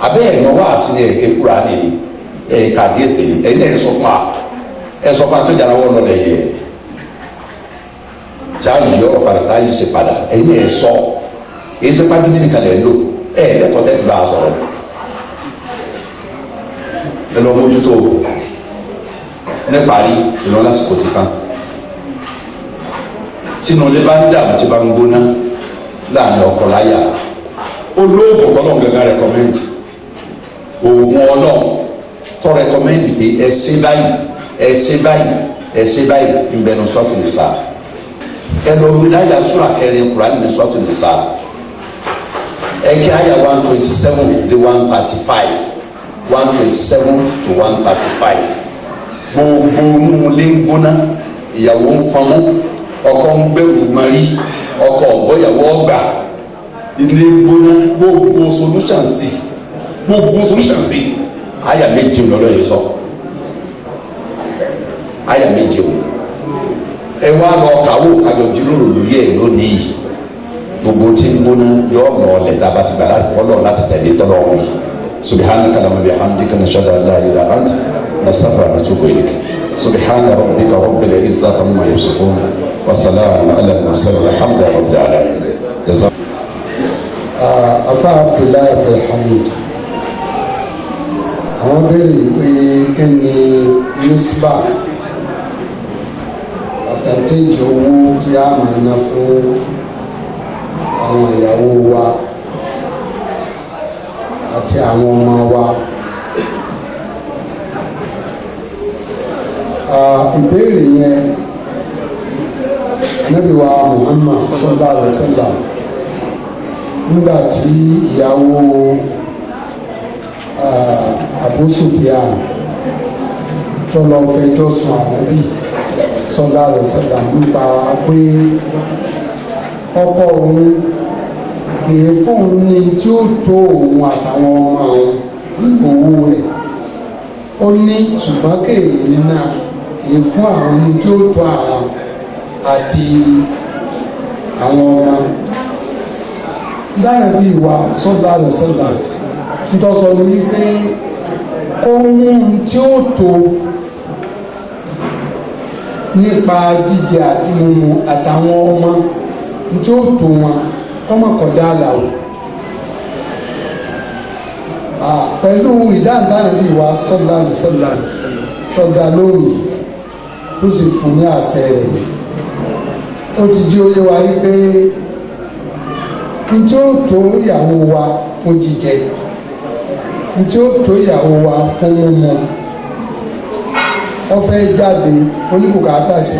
abẹ ẹ̀mọ wáàsí ni ẹ̀kẹ́ kúra ni ẹ̀ kàdé ètè ni ẹni ẹ fún wa ẹ fún wa tó jára wọ́n lọ yẹ tí a yọ ọ̀padà tá a yìí ṣe padà ẹni ẹ sọ èyí sọ pàdé nìkan lẹ̀ ń lò ẹ ẹ̀kọ́ tẹ́ fi bá a sọ̀rọ̀ ẹ lọ mójútó níparí ìlọ́lásìkò ti kan tínú ilé bá ń dàrú tí bá ń gbóná láàrin ọkọ láyà olóògùn kọlọ́n gẹ́gẹ́ rẹ́kọ́mẹ́ǹdì oògùn ọlọ́run tó rẹ́kọ́mẹ́ǹdì pé ẹ ṣe báyìí ẹ ṣe báyìí ẹ ṣe báyìí ìbẹ̀nu sọ́ọ̀tù lè sá ẹ láyà sùrà kẹrin kùránì ní sọ́ọ̀tù sá ẹ àyà one twenty seven dé one thirty five one twenty seven to one thirty five gbogbo onú lé ń gbóná ìyàwó ń fọnú. ọkọ ń bẹ̀rù ọkọ ọ̀gbọ́yàwó ọgbà ilé gbóná gbogbo solution sí gbogbo solution sí àyà méje lọ́dọ̀ yìí sọ àyà méje o ẹ wá lọ kàwó jíròrò lórí ẹ lónìí gbogbo tí ń gbóná yọ ti gbà láti fọlọ́ láti tẹ̀lé tọ́lọ́ wọn subhanaka allahumma bihamdika nashhadu an la ilaha wa سبحان ربك رب العزة عما يصفون وسلام على المرسلين الحمد لله رب العالمين جزاك آه، الله في الله الحميد أوبري ويكني نسبة أسنتين جهود يا منافون أما يهوه أتي أمو ìbéèrè yẹn Ànábì wa Muhammad sallallahu alaihi wasallam nígbà tí ìyàwó Abu Sufyan tó lọ fẹjọ́ sùn Ànábì sallallahu alaihi wasallam nípa pé ọkọ òun kìí fóun ní tí ó tó òun àtàwọn ọmọ òun owó rẹ̀ ó ní ṣùgbọ́n kéèyàn náà èyí fún àwọn ẹni tí ó tọ́ àwọn àti àwọn ọmọ dára bí ìwà sọ́dà rẹ̀ sọ́dà nítọ́sọ ní wípé kó mú tí ó tó nípa jíjẹ àti mímu àtàwọn ọmọ tí ó tó wọn kọ́mọ kọjá àlàó pẹ̀lú ìdáǹdára bí ìwà sọ́dà rẹ̀ sọ́dà lónìí. ó sì fún ní àṣẹ rẹ̀ ó ti jí oyé wa wípé n ó tó ìyàwó wa fún jíjẹ jáde sí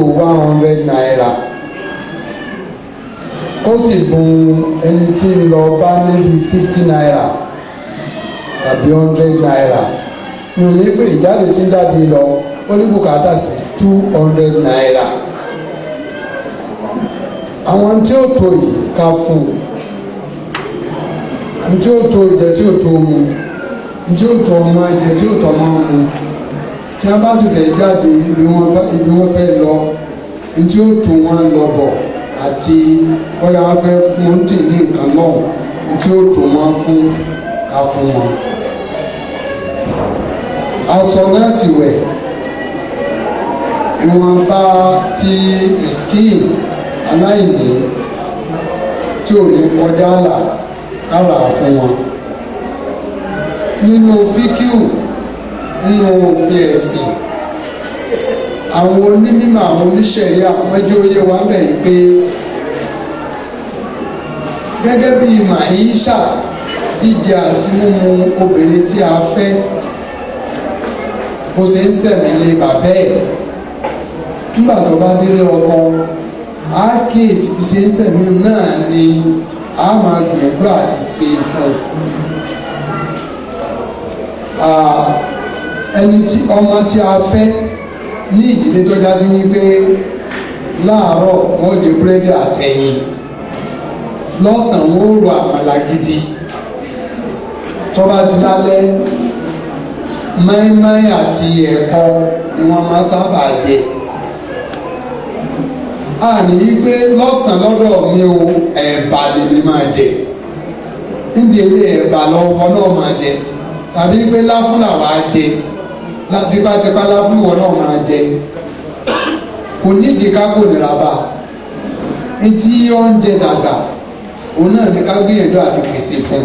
wọ naira kó sì bùn ẹni tí ń lọ bá níbi fifty naira tàbí hundred naira. yòòní pé ìjáde tí ń jáde lọ ó ní sí hundred naira àwọn tí ó tó yìí ká fún un ntí ó tó ìjẹ tí ó tó mu ntí ó tó ọmọ ìjẹ tí ó tó ọmọ mu tí bá sì fẹ́ jáde ibi wọn fẹ́ lọ ntí ó tó wọn lọ bọ̀ àti bóyá wọn fún un tì ní nǹkan ó tó wọn fún ká fún aṣọ náà sì wẹ̀ ìwọ̀nba ti skin aláìní tí ò ní kọjá là kára fún wọn nínú fíkíù nínú òfin ẹ̀sìn àwọn onímọ̀ àwọn oníṣẹ̀yà mẹ́jọ yé wa bẹ̀ yí pé gẹ́gẹ́ bí màáyíṣà jíjẹ àti mímu obìnrin tí a fẹ́ bó ṣe ń sẹ̀mí lé bàbá ẹ̀ nígbà tó bá délé ọkọ á kíyèsí bí ṣe ń sẹ̀mí náà ni a máa gbìyànjú àti ṣe fún ẹni tí ọmọ tí a fẹ́ ní ìdílé tó dá sí wípé láàárọ̀ wọ́n jẹ búrẹ́dì àtẹ̀yìn lọ́sàn-án wọ́n rò àmàlà gidi tó bá di lálẹ́ mẹ́ẹ́mẹ́ẹ́ àti ẹ̀kọ ni wọ́n máa sábà jẹ àní wípé lọ́sàn-án lọ́dọ̀ mi o ẹ̀bà lèmi máa jẹ níbi eré ẹ̀bà lọ́wọ́ náà máa jẹ tàbí pé láfúlà wà á jẹ tipátipá láfúlùwọ́ náà máa jẹ kò nídìí ká kò nira bá etí oúnjẹ dàgbà òun náà ní ká gbìyànjú àti pèsè fún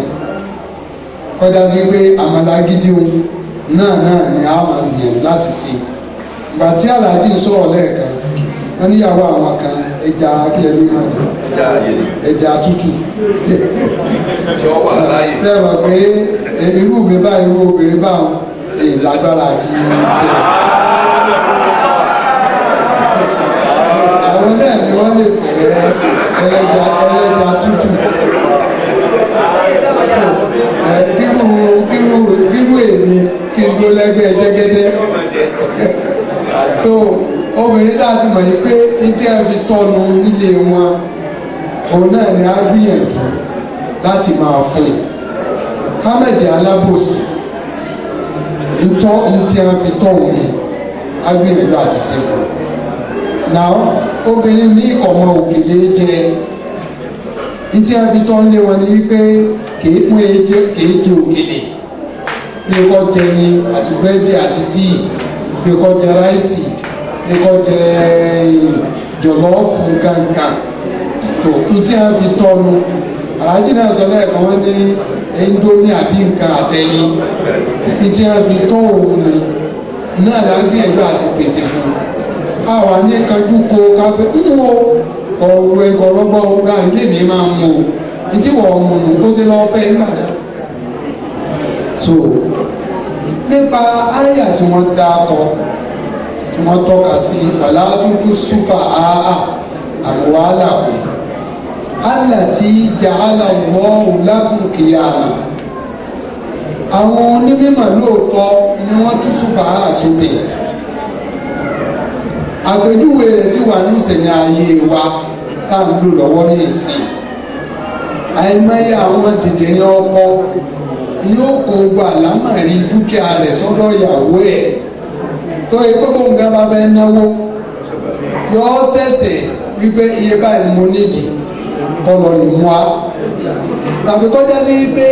kọjá sí pé àmàlà gidi òun náà náà ni a máa gbìyànjú láti ṣe ìgbà tí aláàjì ń sọ̀rọ̀ lẹ́ẹ̀kan wọ́n níyàwó àwọn kan ẹja akílẹ̀ ní máa dùn ẹja tútù tí ó wà láàyè sẹ́wọ̀n pé irú mi bá irú obìnrin bá lágbára àti àwọn náà ni wọ́n lè fẹ́ ẹlẹ́ja ẹlẹ́ja tútù dúró lẹ́gbẹ̀ẹ́ jẹ́gẹ́dẹ́ so obìnrin tá a ti mọ̀ yìí pé iṣẹ́ fi tọ́nu nílé wọn òun náà ni a gbìyànjú láti máa fún un ká mẹ̀jẹ̀ alábòsí ntọ́ ntí a fi tọ́ òun ni a gbìyànjú àti sẹ́fún náà obìnrin ní ọmọ òkèlè jẹ ntí a fi tọ́ nílé wọn ni wípé kèé pín kèé jẹ òkèlè. bí kò jẹ ẹyin àti búrẹ́dì àti tíì bí kò jẹ ráìsì bí kò jẹ eh, kankan tó à ń fi tọ́nu aláàjì náà sọ lẹ́ẹ̀kan wọ́n ní indomi àbí nǹkan àtẹ̀yìn ìtí à ń fi tọ́ òun ni náà lágbẹ̀ẹ́gbẹ́ àti pèsè fún kanjú ko kápẹ́ ọgbà ilé o mú un kó sí so nípa àyà tí wọ́n dá ọ tí wọ́n tọ́ka sí wàlá dúdú súfà áhà àmúwálà kù alàtí jàhálà mọ́ọ̀hún lágùn kìyàmà àwọn onímọ̀ lóòótọ́ ni wọ́n tú súfà áhà sókè àpèjúwe rẹ̀ sì wà ní ìsẹ̀yìn ayé wa tá à ń lò lọ́wọ́ ní ìsìn àìmọye àwọn dìde ní ọkọ ni ó kó gba àlámọ̀rí dúkìá rẹ̀ sọ́dọ̀ ìyàwó ẹ̀ tó yẹ kó bóun gan bá fẹ́ náwó yọ ọ́ sẹ̀sẹ̀ wípé iye báyìí mo nídìí kọ́ lọ lè mú a tàbí kọjá sí wípé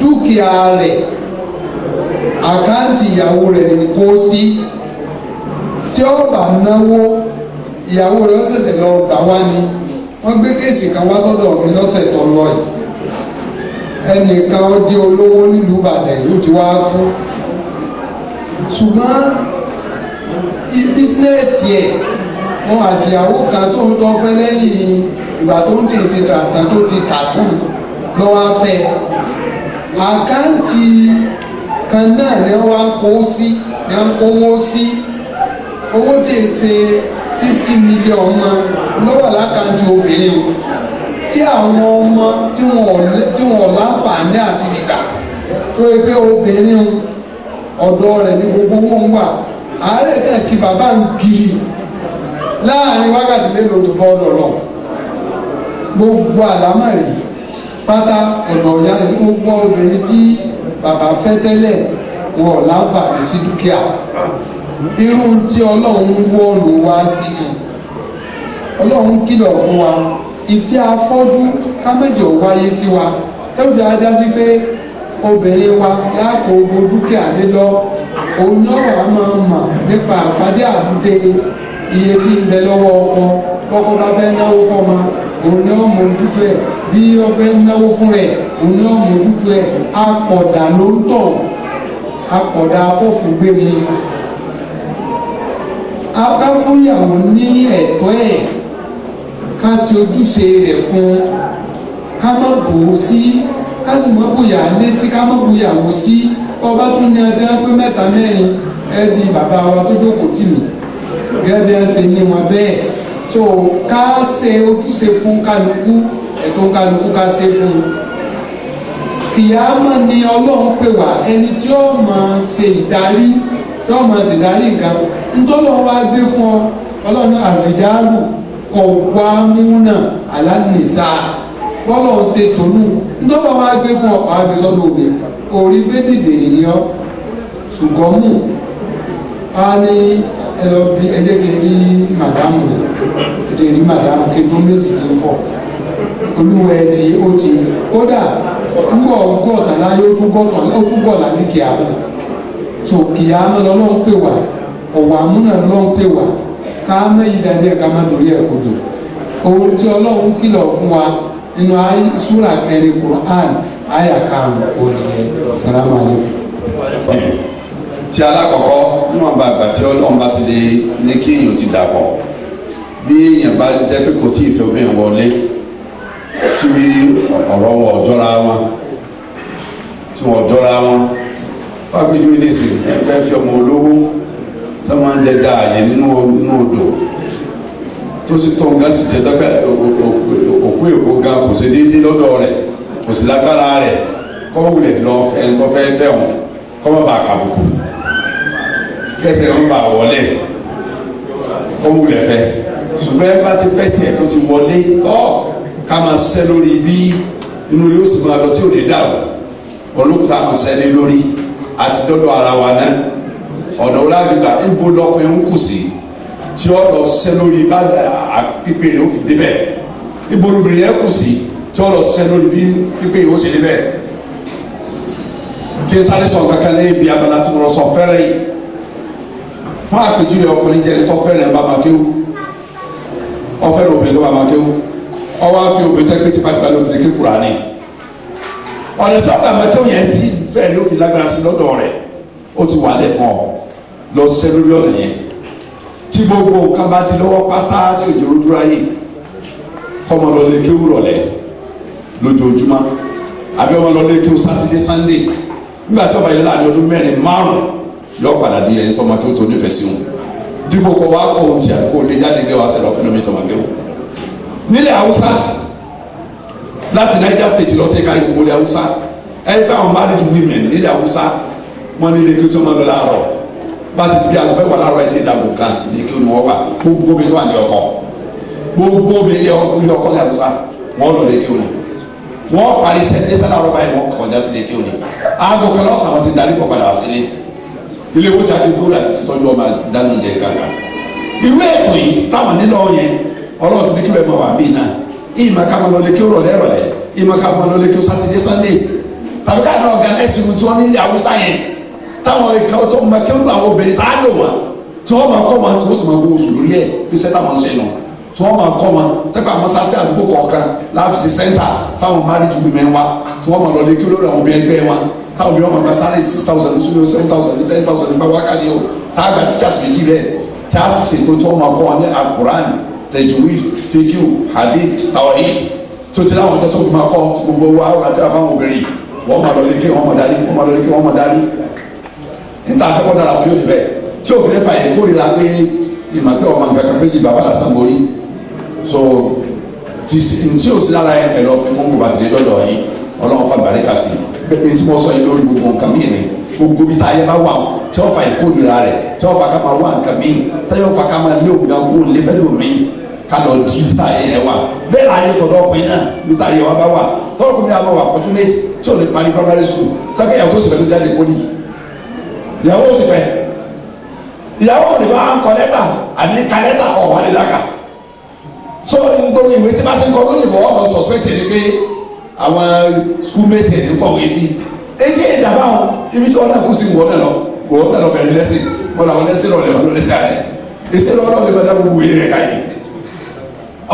dúkìá rẹ̀ àkáǹtì ìyàwó rẹ̀ lè kó sí tí ó bá náwó ìyàwó rẹ̀ ó ṣẹ̀ṣẹ̀ lọ gbà wá ni wọ́n gbé kéèsì kan wá sọ́dọ̀ mi lọ́sẹ̀ tó lọ yìí ẹnìkan ó jẹ́ olówó nílùú Ìbàdàn yóò ti wá kú ṣùgbọ́n bísínẹ́sì ẹ̀ wọn àtìyàwó kan tó ń tọ́ fẹ́ lẹ́yìn ìgbà tó ń tètè tàtà tó ti tàkù lọ́wọ́ fẹ́ àkáǹtì kan náà ni wọ́n á kó sí ni wọ́n á kówó sí owó tẹ̀ fifty million mọ́ lọ́wọ́ lákàntì obìnrin o. tí àwọn ọmọ tí wọ́n láǹfààní àti ìgbà tó yẹ pé obìnrin ọ̀dọ́ rẹ̀ ní gbogbo owó ń wà àárẹ̀ náà kí bàbá ń giri láàrin wákàtí mélòó tó lọ gbogbo àlámọ̀rí pátá ọ̀nà ọ̀yá gbogbo obìnrin tí bàbá fẹ́ tẹ́lẹ̀ wọn láǹfààní sí dúkìá irú tí ọlọ́run wọ́ọ̀nù wá sí ni ìfẹ́ afọ́jú kámẹ́jọ wáyé sí wa tó fi ajá sí pé obìnrin wa láàkó owó dúkìá lé lọ òun náà wà máa mọ̀ nípa àpàdé àdúdé iye tí ń bẹ lọ́wọ́ ọkọ kọ́kọ́ bá fẹ́ náwó fọ́mọ òun náà mọ ojútùú ẹ̀ bí ó fẹ́ náwó fún rẹ̀ òun náà mọ ojútùú ẹ̀ apọ̀dà ló ń tàn apọ̀dà afọ́fù gbé mi. a bá fún ìyàwó ní ẹ̀tọ́ ẹ̀ ká ṣe ojúṣe rẹ̀ fún ká má bò ó sí ká sì má bòyà lé sí ká má bòyà wò sí ọba tún ní ajá pé mẹ́ta mẹ́rin ẹ bí bàbá wa tó jókòó tì mí gẹ́gẹ́ bí wọ́n ṣe ní wọn bẹ́ẹ̀ so ká ṣe ojúṣe fún kálukú ẹ̀tọ́ kálukú ká ṣe fún un kìyàmọ̀ ni ọlọ́run pè wá ẹni tí ó máa ṣe ìdarí tí ó máa ṣe ìdarí nǹkan ntọ́lọ́run wá gbé fún ọ ọlọ́run àgbèdálù kọ̀wámúnà alánìsá bọ́lọ̀ ń ṣe tònú ńdọ́bọ̀ máa gbé fún ọkọ̀ agbésọ́dọ̀ òbí orí gbẹ́dìdè nìyẹn ṣùgbọ́n mù á ní ẹlọ bí ẹjẹ́ kí n rí màdámù kí n rí màdámù kí n tó mèsì ti ń fọ̀ olúwa ẹ ti ó ti kódà púpọ̀ gọ̀ọ̀tàlá yóò tún gọ̀ọ̀tàlá ní kìámù tó kìámù lọ́lọ́run pè wá ọ̀wà múnà lọ́lọ́run pè wá ká má yí dáadé ká má dorí ẹ̀ kodò ohun tí ọlọ́run kìlọ̀ fún wa nínú súrà kẹrin Qur'an àyà karùn-ún òní salamu alaykum. ti alákọ̀ọ́kọ́ níwọ̀n bá àgbà tí ọlọ́run bá ti lè ní kí èèyàn ti dàpọ̀ bí èèyàn bá jẹ́ pé kò tí ì fẹ́ obìnrin wọlé tí ọ̀rọ̀ wọn ọ̀jọ́ra wọn tí wọn ọ̀jọ́ra wọn fábíjú ní ìsìn ẹ̀ fẹ́ fi ọmọ olówó tó máa ń jẹ gaàyè nínú nínú odò tó sì tó nǹkan sì jẹ dọ́gba òkú èkó ga kò sí déédéé lọ́dọ̀ rẹ̀ kò sí lágbára rẹ̀ kọ́ wulẹ̀ lọ ẹni tó fẹ́ fẹ́ wọn kọ́ má bàa kàbùkù kẹsẹ̀ ń bà wọlé kọ́ wulẹ̀ fẹ́ ṣùgbọ́n ẹ bá ti fẹ́ tiẹ̀ tó ti wọlé ọ́ ká máa ṣiṣẹ́ lórí bí inú yóò sì máa lọ tí ò ní dàrú olókùtà máa ṣiṣẹ́ lé lórí àti dọ́dọ̀ ara wa náà ọ̀nà ọ̀làdìgbà níbo lọ́pẹ́ ń kù sí tí ó lọ ṣiṣẹ́ lórí bá pípé rẹ̀ ó fi débẹ̀ níbo lóbìnrin yẹn kù sí tí ó lọ ṣiṣẹ́ lórí bí pípé yìí ó ṣe débẹ̀ kí sáré sọ kankan lẹ́yìn bí abala tí mo lọ sọ fẹ́rẹ̀ yìí fún àpèjúwe ọkùnrin jẹ́ tó fẹ́rẹ̀ bàbá kéwù ọfẹ́rẹ̀ obìnrin tó bàbá kéwù ọwọ́ àfi obìnrin tẹ́gbẹ́ tipátipá ló fi lè ké Kùránì ọ̀nà tí ọ̀gá àmọ́tẹ́wò yẹn ti fẹ́ẹ̀ ló fi lágbára sí lọ́dọ̀ rẹ̀ ó ti wà lẹ́fọ̀ọ́ lọ ṣiṣẹ́ lórí ọ̀nà yẹn tí gbogbo nǹkan bá di lọ́wọ́ pátá tí òjò rojú ráyè kọ́mọ lọ lé kéwù rọ̀lẹ́ lójoojúmọ́ àbí ọmọ lọ lé kéwù sátidé sànńdé nígbà tí ọba yìí láàrin ọdún mẹ́rin márùn yọ padà di ẹni tọmọ kéwù tó nífẹ̀ẹ́ sí wọn dípò kọ wá kọ ohun tí a kò lè jáde gbé wá sẹ́lọ̀ fún mi tọmọ kéwù nílẹ̀ haúsá láti Niger State lọ́tẹ́ ká ìwòlẹ̀ haúsá ẹni pé àwọn married women nílẹ̀ haúsá wọn nílé kéwù tó máa lọ láàárọ̀ bá ti di àgọ́ mẹ́wàá láàárọ̀ ẹ̀ ti dàgbò kan ní kí olùwọ́ wà gbogbo mi tó wà ní ọkọ̀ gbogbo mi ní ọkọ̀ ní àbúsá wọ́n lọ lé kí olù wọ́n parí sẹ́ni tẹ́lá ọ̀rọ̀ báyìí wọ́n kọjá sí lé kí olù aago kan lọ́sàn án ti darí pọ̀ padà sílé ilé wo ti àti dúró láti tọ́jú ọmọ dáná jẹ gàgà irú ètò yìí táwọn nílò yẹn ọlọ́run ti ní kí wọ́n wà bíi náà ìmọ̀ ká máa lọ lé kí ó rọ̀lẹ́ rọ̀lẹ́ ìmọ̀ ká máa lọ lé kí ó sátidé sànńdé tàbí ká náà gan ẹ̀sìn tí wọ́n ní ilé haúsá yẹn táwọn lè kọ́ tó máa kéwòn àwọn obìnrin tá a lò wọn tí wọ́n máa kọ́ wọn tí wọ́n sì máa gbowó oṣù lórí ẹ̀ bí sẹ́tà máa ń ṣe nù tí wọ́n máa kọ́ wọn tẹ́pẹ́ àwọn sase àdúgbò kọ̀ọ̀kan láàfíìsì sẹ́ńtà táwọn marriage women wa tí wọ́n máa lọ lé kí lórí àwọn obìnrin ẹgbẹ́ wọn táwọn obìnrin máa gba sáré six thousand two seven thousand ten thousand nípa wákàtí o táàgbà teachers méjì bẹ́ẹ̀ tí a ti ṣètò tí wọ́n máa kọ́ wọn ní alukuran tajwid fiqhu hadith tawhid tó ti láwọn ọjọ́ tó fi máa kọ́ gbogbo wa àti àbáwọn obìnrin wọ́n máa lọ lé kí wọ́n máa darí wọ́n máa lọ lé kí wọ́n máa darí nígbà àkọ́kọ́ dára bí ó ti bẹ́ẹ̀ tí òfin ẹ̀fà yẹn kórìíra pé ìmọ̀ pé ọmọ nǹkan kan méjì bàbá làásán borí so ntí o sí lára yẹn ẹ lọ fi mú bùbá tìlẹ lọ́dọ̀ yìí Ọlọ́run fa gbàdéka sí bẹ́ẹ̀ tí mo sọ yìí lórí gbogbo nǹkan mí ni gbogbo bí táyé bá wà tí wọn fa ìkórira rẹ tí wọn fa ká máa wá nǹkan mí táyé wọn fa ká máa lé òun gan kó lé fẹ́ lómi ká lọ di bí táyé yẹn wà bẹ́ẹ̀ láyé tọ̀dọ̀ ọkùnrin náà bí táyé wọn bá wà tọkùnrin náà bá wà fortunate tí o lè parí primary school tọkẹ́yàwó tó sì fẹ́ ló jáde kó nìyí ìyàwó sì fẹ́ ìyàwó òde bá ń kọ lẹ́tà àbí ka lẹ́tà ọ̀wá lè dáka so gbogbo ìwé tí bá ti ń kọ lóyìnbó ọmọ sọ̀spẹ̀tì ni pé àwọn skúlmẹ̀tì ẹ̀ ń kọ̀wé sí etí ìdàbà wọn ibi tí wọn náà kú sí wọn náà lọ wọn náà lọ bẹ̀rẹ̀ lẹ́sìn wọn làwọn lẹ́sìn lọ lẹ́wọ̀n lọ́lẹ́sìn àlẹ́ èsì lọ́wọ́ lè bẹ̀rẹ̀ gbogbo yẹn rẹ̀ káyé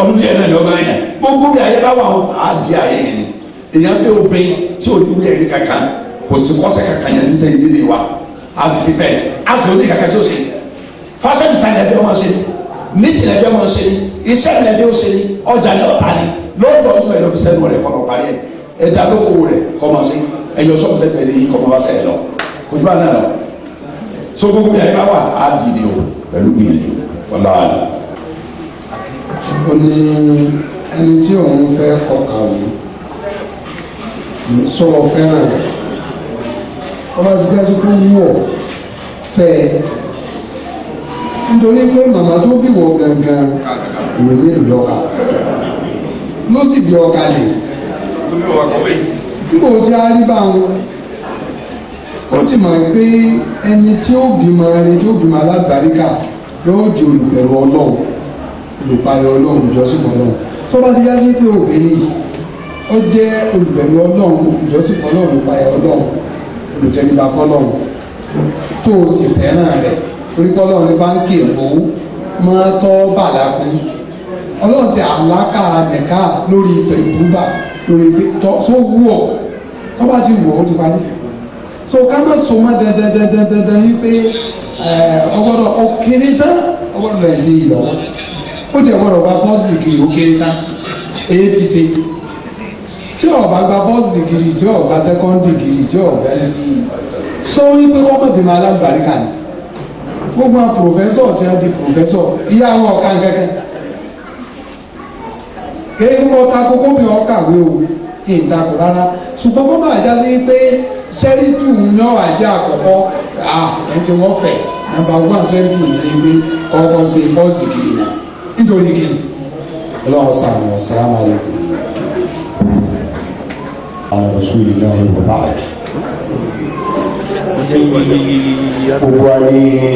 ọdún yẹn náà lọ́gbọ́n yẹn gbogbo bí ayé bá wà wọn á di ayé yẹn ni èèyàn fẹ́ obìnrin tí ò ní wúyẹ̀ kankan kò sí kọ́sẹ̀ kankan yẹn tó tẹ̀ yé wa a sì ti fẹ́ a sì ní kàkà tí ó ṣe fashion design ẹ̀fẹ́ wọn ṣe nítì ẹ̀fẹ́ wọn ṣe iṣẹ́ ẹ̀fẹ́ wọn ṣe ọjà ní ọ̀tá ni lọ́dọ̀ ọdún ẹ̀ lọ fi sẹ́nu rẹ̀ kọ́nà parí ẹ̀ ẹ̀dá lókòwò rẹ̀ kọ́ máa ṣe ẹ̀yọ sọ́kù sẹ́nu ẹ̀ lẹ́yìn kọ́ máa ṣe ẹ̀ lọ kò tí bá náà lọ so gbogbo yẹn bá wà á di ni o pẹ̀lú gbìyànjú ọ̀la àná. ó ní ẹni tí òun fẹ́ kọ́ kàwé sọ̀rọ̀ fẹ́ràn ọba ti jẹ́ sí fún yíwọ̀ fẹ́ ẹ nítorí pé màmá tó bí wọ gangan ìwé mélòó lọ́ka ló sì bí ọkà lè nígbà tí a rí bá wọn ó ti mọ̀ pé ẹni tí ó bímọ ẹni tí ó bímọ alágbàríkà yóò di olùbẹ̀rù ọlọ́run olùpayọ ọlọ́run ìjọsìn ọlọ́run tó bá ti yá sí pé obìnrin yìí ó jẹ́ olùbẹ̀rù ọlọ́run ìjọsìn ọlọ́run olùpayọ ọlọ́run olùtẹríba fọ́lọ́run tó o sì fẹ́ràn rẹ̀ torí fọ́lọ́run ní báńkì èkó máa tọ́ bàlákún ọlọ́run ti àlákà nẹ̀ká lórí ìtọ̀ ìbúrúbà lórí pé tọ́ só wú ọ̀ tọ́ bá ti wù ọ́ ti parí so ká má so má dandandandandandan yí pé ọgbọ́dọ̀ ó kéré tán ọgbọ́dọ̀ rẹ̀ sí ìlọ́wọ́ ó ti ọgbọ́dọ̀ bá pọ́sìtì kiri ó kéré tán èyí ti ṣe tí ó bá gba first degree tí ó gba second degree tí ó gba ẹsì e. sọ wípé kọ́mọ̀bìmọ̀ alágbàríkà ni gbogbo àwọn pòfẹ́sọ̀ tí wọ́n di pòfẹ́sọ̀ ìyá àwọn ọ̀ka kẹ́kẹ́ kéé ń ọta kókó mi ọ̀kàwé o kí n takò rárá ṣùgbọ́n kọ́mọ̀ àjá sí pé sẹ́rìtù náà àjá àkọ́kọ́ à ẹ̀ tí wọ́n fẹ̀ nàbà wọ́n sẹ́rìtù ní ilé ọkọ̀ sí first degree náà nítorí kí ọlọ́run sàmù ọ̀sán àmàlẹ́kùn. على رسول الله وبعد gbogbo ayé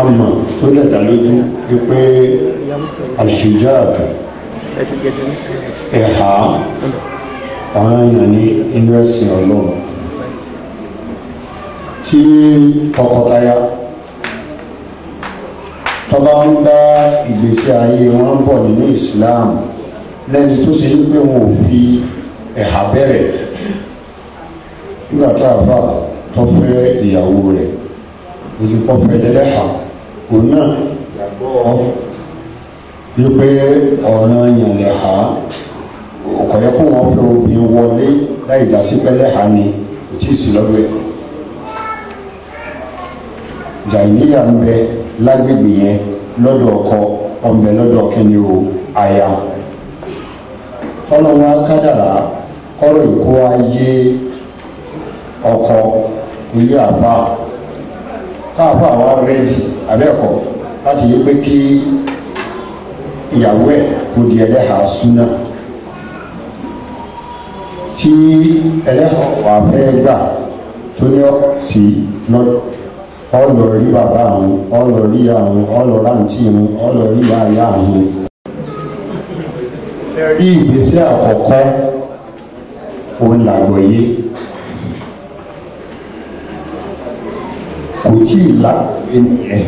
àmọ́ tó lè dá lójú wípé alhijab ẹ̀há àwọn èèyàn ní inú ẹ̀sìn ọlọ́run tí tọkọtaya tọ́ba ń bá ìgbésí ayé wọn bọ̀ nínú Islam lẹ́ni tó ṣe ń pé wọn ò fi ẹ̀hà bẹ̀rẹ̀ nígbà tá a bá tó fẹ́ ìyàwó rẹ̀ ó ti kọ́ fẹ́ lẹ́lẹ́hà òun náà wípé ọ̀nà ìyànlẹ̀hà ọ̀kọ̀yẹ́ kó wọ́n fẹ́ obìnrin wọlé láì já sí pẹ́lẹ́hà ni kò tí ì sí lọ́dọ̀ ẹ̀ jàìníyà ń bẹ lágbègbè yẹn lọ́dọ̀ ọkọ ọ̀nbẹ lọ́dọ̀ kẹ́ni o aya ọlọ́run á kádàrá kọ́rọ̀ yìí kó ọkọ ilé àfa káàfà àwọn rẹ́ẹ̀dì abẹ́ẹ̀kọ́ láti yí pé kí ìyàwó ẹ̀ kò di ẹlẹ́hà súná tí ẹlẹ́hà wà fẹ́ gbà tó ní ọ sí lọ́dọ̀ ọlọ rí bàbá àwọn rí àwọn òun làgbọ̀ yé kò tí ì lágbọ̀yé nìyẹn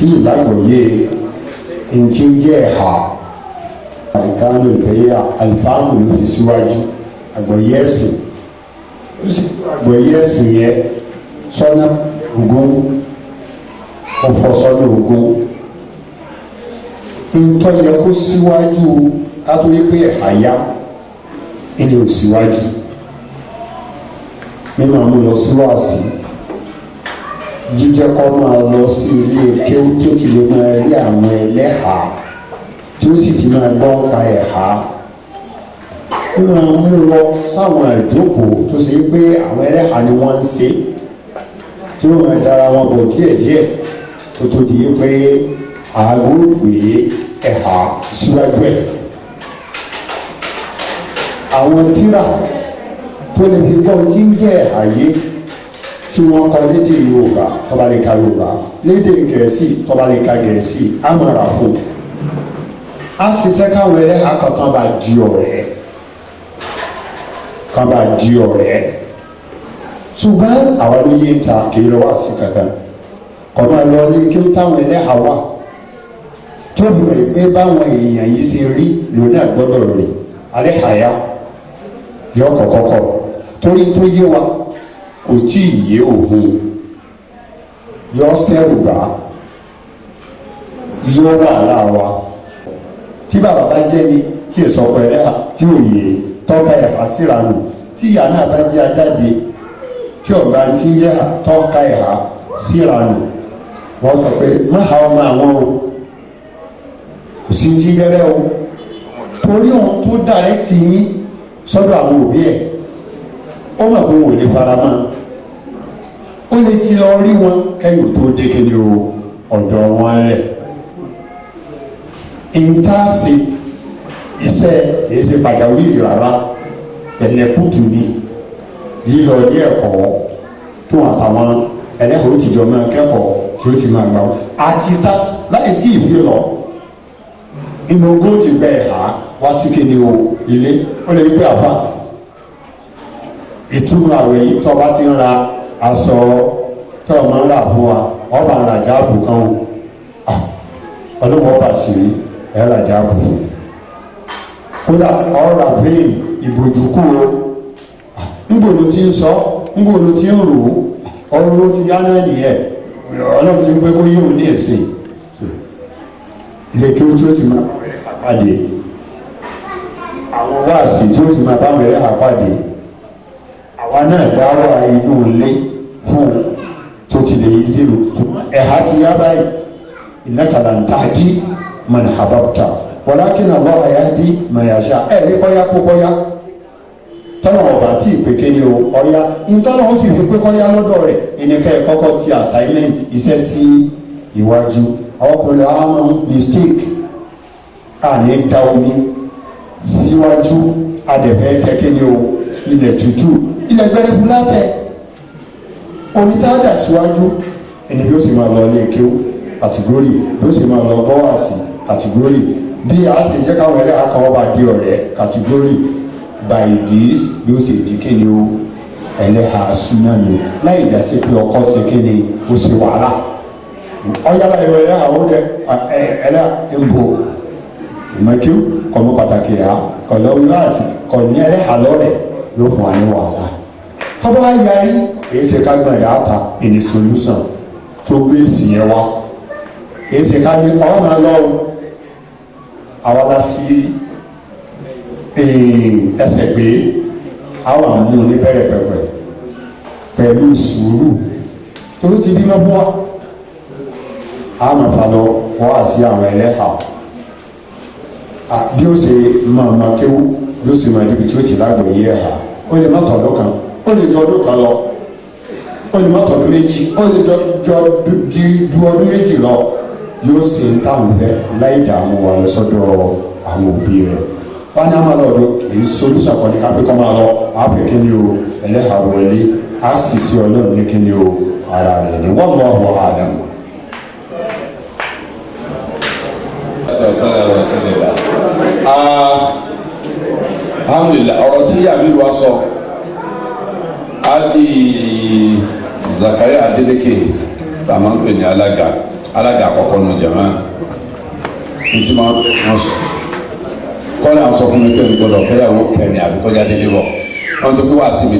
tí ì lágbọ̀yé ntí ń jẹ́ ẹ̀hà àìkánu ìbẹ́yà àlùfáàmù ló fi síwájú àgbọ̀yé ẹ̀sìn ó sì àgbọ̀yé ẹ̀sìn yẹn sọ́nà ògún ó fọ sọ́nà ògún ntọ́ yẹ kó síwájú ká yẹ pé ẹ̀hà yá. ilé òsíwájú nínú àwọn ìlọsíwáàsí jíjẹ́ kọ́ máa lọ sí ilé kéwú tó ti lè máa rí àwọn ẹlẹ́hà tí ó sì ti máa gbọ́ pa ẹ̀há nínú àwọn lọ sáwọn ìjókòó tó ṣe pé àwọn ẹlẹ́hà ni wọ́n ń ṣe tí ó máa dára wọn bọ̀ díẹ̀díẹ̀ tó tó di pé àárò pé ẹ̀há síwájú àwọn tíra tó lè fi kọ́ tí ń jẹ́ àyè tí wọ́n kọ lédè Yorùbá tó bá lè ka Yorùbá lédè Gẹ̀ẹ́sì tó bá lè ka Gẹ̀ẹ́sì á a rà fún un á ṣiṣẹ́ káwọn ẹlẹ́hà kankan bá di ọ̀rẹ́ kan bá di ọ̀rẹ́ ṣùgbọ́n àwọn ló yé ta kì í lọ wá sí kankan kọ́ máa lọ ní kí ó táwọn ẹlẹ́hà wà tó fi mọ̀ pé báwọn èèyàn yìí ṣe rí lòun náà gbọ́dọ̀ alẹ́ àyà yọ kọ̀kọ́kọ́ torí tó yé wa kò tí ì yé òun yọ sẹ́rù bá yọ wàhálà wa tí bàbá bá jẹ́ ni tí èso ọkọ ẹ̀rẹ́ tí ò yé tọ́ka ẹ̀ há síra nù tí ìyá náà bá jẹ́ ajáde tí ọ̀gá ti ń jẹ́ tọ́ka ẹ̀ há síra nù wọ́n sọ pé má ha ọmọ àwọn o kò sí jí gẹ́rẹ́ o torí ohun tó dàrẹ́tì yín sọ́dọ̀ àwọn òbí ẹ̀ ó mọ̀ pé wọn ò lè fara mọ́ ó lè ti lọ rí wọn kẹ́yìn tó dé kéde o ọ̀dọ̀ wọn lẹ̀ ìtaasi iṣẹ́ kìí ṣe pàjáwìrì rárá ẹ̀nẹ́kùtù ni lílọ ní ẹ̀kọ́ tó àtàwọn ẹlẹ́kọ̀ọ́ ti jọ máa kẹ́kọ̀ọ́ tí ó ti máa gbà wọ́n àti ta láì tí ìwé lọ inú ogún ti bẹ́ẹ̀ hà á wá sí kìíní o ilé ó lè gbé àfa ìtumọ̀ àwẹ̀ yìí tó bá ti ń ra aṣọ tó o máa ń rà fún wa ọba ń rajà ààbò kan o ah, ọlọ́wọ́ ọba sì rí ẹ̀ rajà ààbò kódà ọ̀rà vein ìbòjúkú o ah, níbo ló ti ń sọ níbo ló ti ń rò ó ah, ọ̀rọ̀ ló ti yá náà nìyẹn ọlọ́run ti ń pẹ́ kó yíwò ní èsì ilé kí ó tí ó ti máa pàdé. àwọn wáàsí tí ó ti máa bá àwọn ẹlẹ́hà àwa náà dáwà inú ilé fún tó ti lè yí zero ẹ̀há ti yá báyìí ìnákàlà ń ya man hababta walakin Allah yahdi man yasha ẹ̀ ní kó ọ̀bà tí o ọ̀ya ìtọ́lọ̀ ó sì fi pé kọ́yá lọ́dọ̀ rẹ̀ kọ́kọ́ ti assignment iṣẹ́ sí síwájú adẹ̀fẹ́ kẹ́kẹ́ni o ilẹ̀ tútù ilẹ̀ gbẹ̀rẹ̀kú látẹ̀ onítàdà síwájú ẹni bí ó sì máa lọ ilé kéwú àtìgórì bí ó sì máa lọ bọ́wàsì àtìgórì bí a sì jẹ́ káwọn ẹlẹ́yà kan ọba di ọ̀rẹ́ kàtìgórì by this bí ó sì di kíni o ẹlẹ́yà súná ni láì já sí pé ọkọ ṣe kíni ó ṣe wàhálà ọ̀yàbá ìwé ẹlẹ́yà ó dẹ ẹlẹ́yà ń bo ìmọ̀kíw kọmọ pàtàkì ha kọlọ wíwáàsì kọni ẹrẹ àlọrẹ yóò fún wa ní wàhálà tọ́ba wa yarí kìí ṣe ká gbọ̀n yàrá ta ìní solution tó gbé èsì yẹn wá kìí ṣe ká gbé ọwọ́ máa lọ àwa la sí eh, ẹsẹ̀ gbé àwọn àmú ní bẹ̀rẹ̀ pẹ̀pẹ̀ pẹ̀lú sùúrù torí ti dín lọ́bọ̀ àmọ̀ta lọ wọ́n á sí àwọn ẹlẹ́hàá bí ó ṣe máa ma kéwú bí ó ṣe máa débi tí ó ti lágbo yé ẹ̀ ha ó lè má tọ̀ ọdún kan ó lè tọ̀ ọdún kan lọ ó lè má tọ̀ ọdún méjì ó lè jọ ju ọdún méjì lọ yóò ṣe ń táwọn fẹ́ láì dààmú wa lọ sọ́dọ̀ àwọn òbí rẹ̀ wọ́n ní àmàlà ọ̀dọ́ èyí solúsà kan ní kápẹ́ kọ́ máa lọ àpè kí ni o ẹlẹ́hà wọlé á sì sí ọlọ́run ní kí ni o ara rẹ̀ ni wọ́n mọ ọ̀rọ̀ àlẹ́ mọ́. alhamdulilah ọrọ tí yabiru wa sọ aji Zakaria Adeleke tá a alaga, alaga pè ní jama ntí sọ kọ́ni àwọn sọ fún mi pé n fẹ́yàwó kẹ́ni àbíkọ́jà délé wọ̀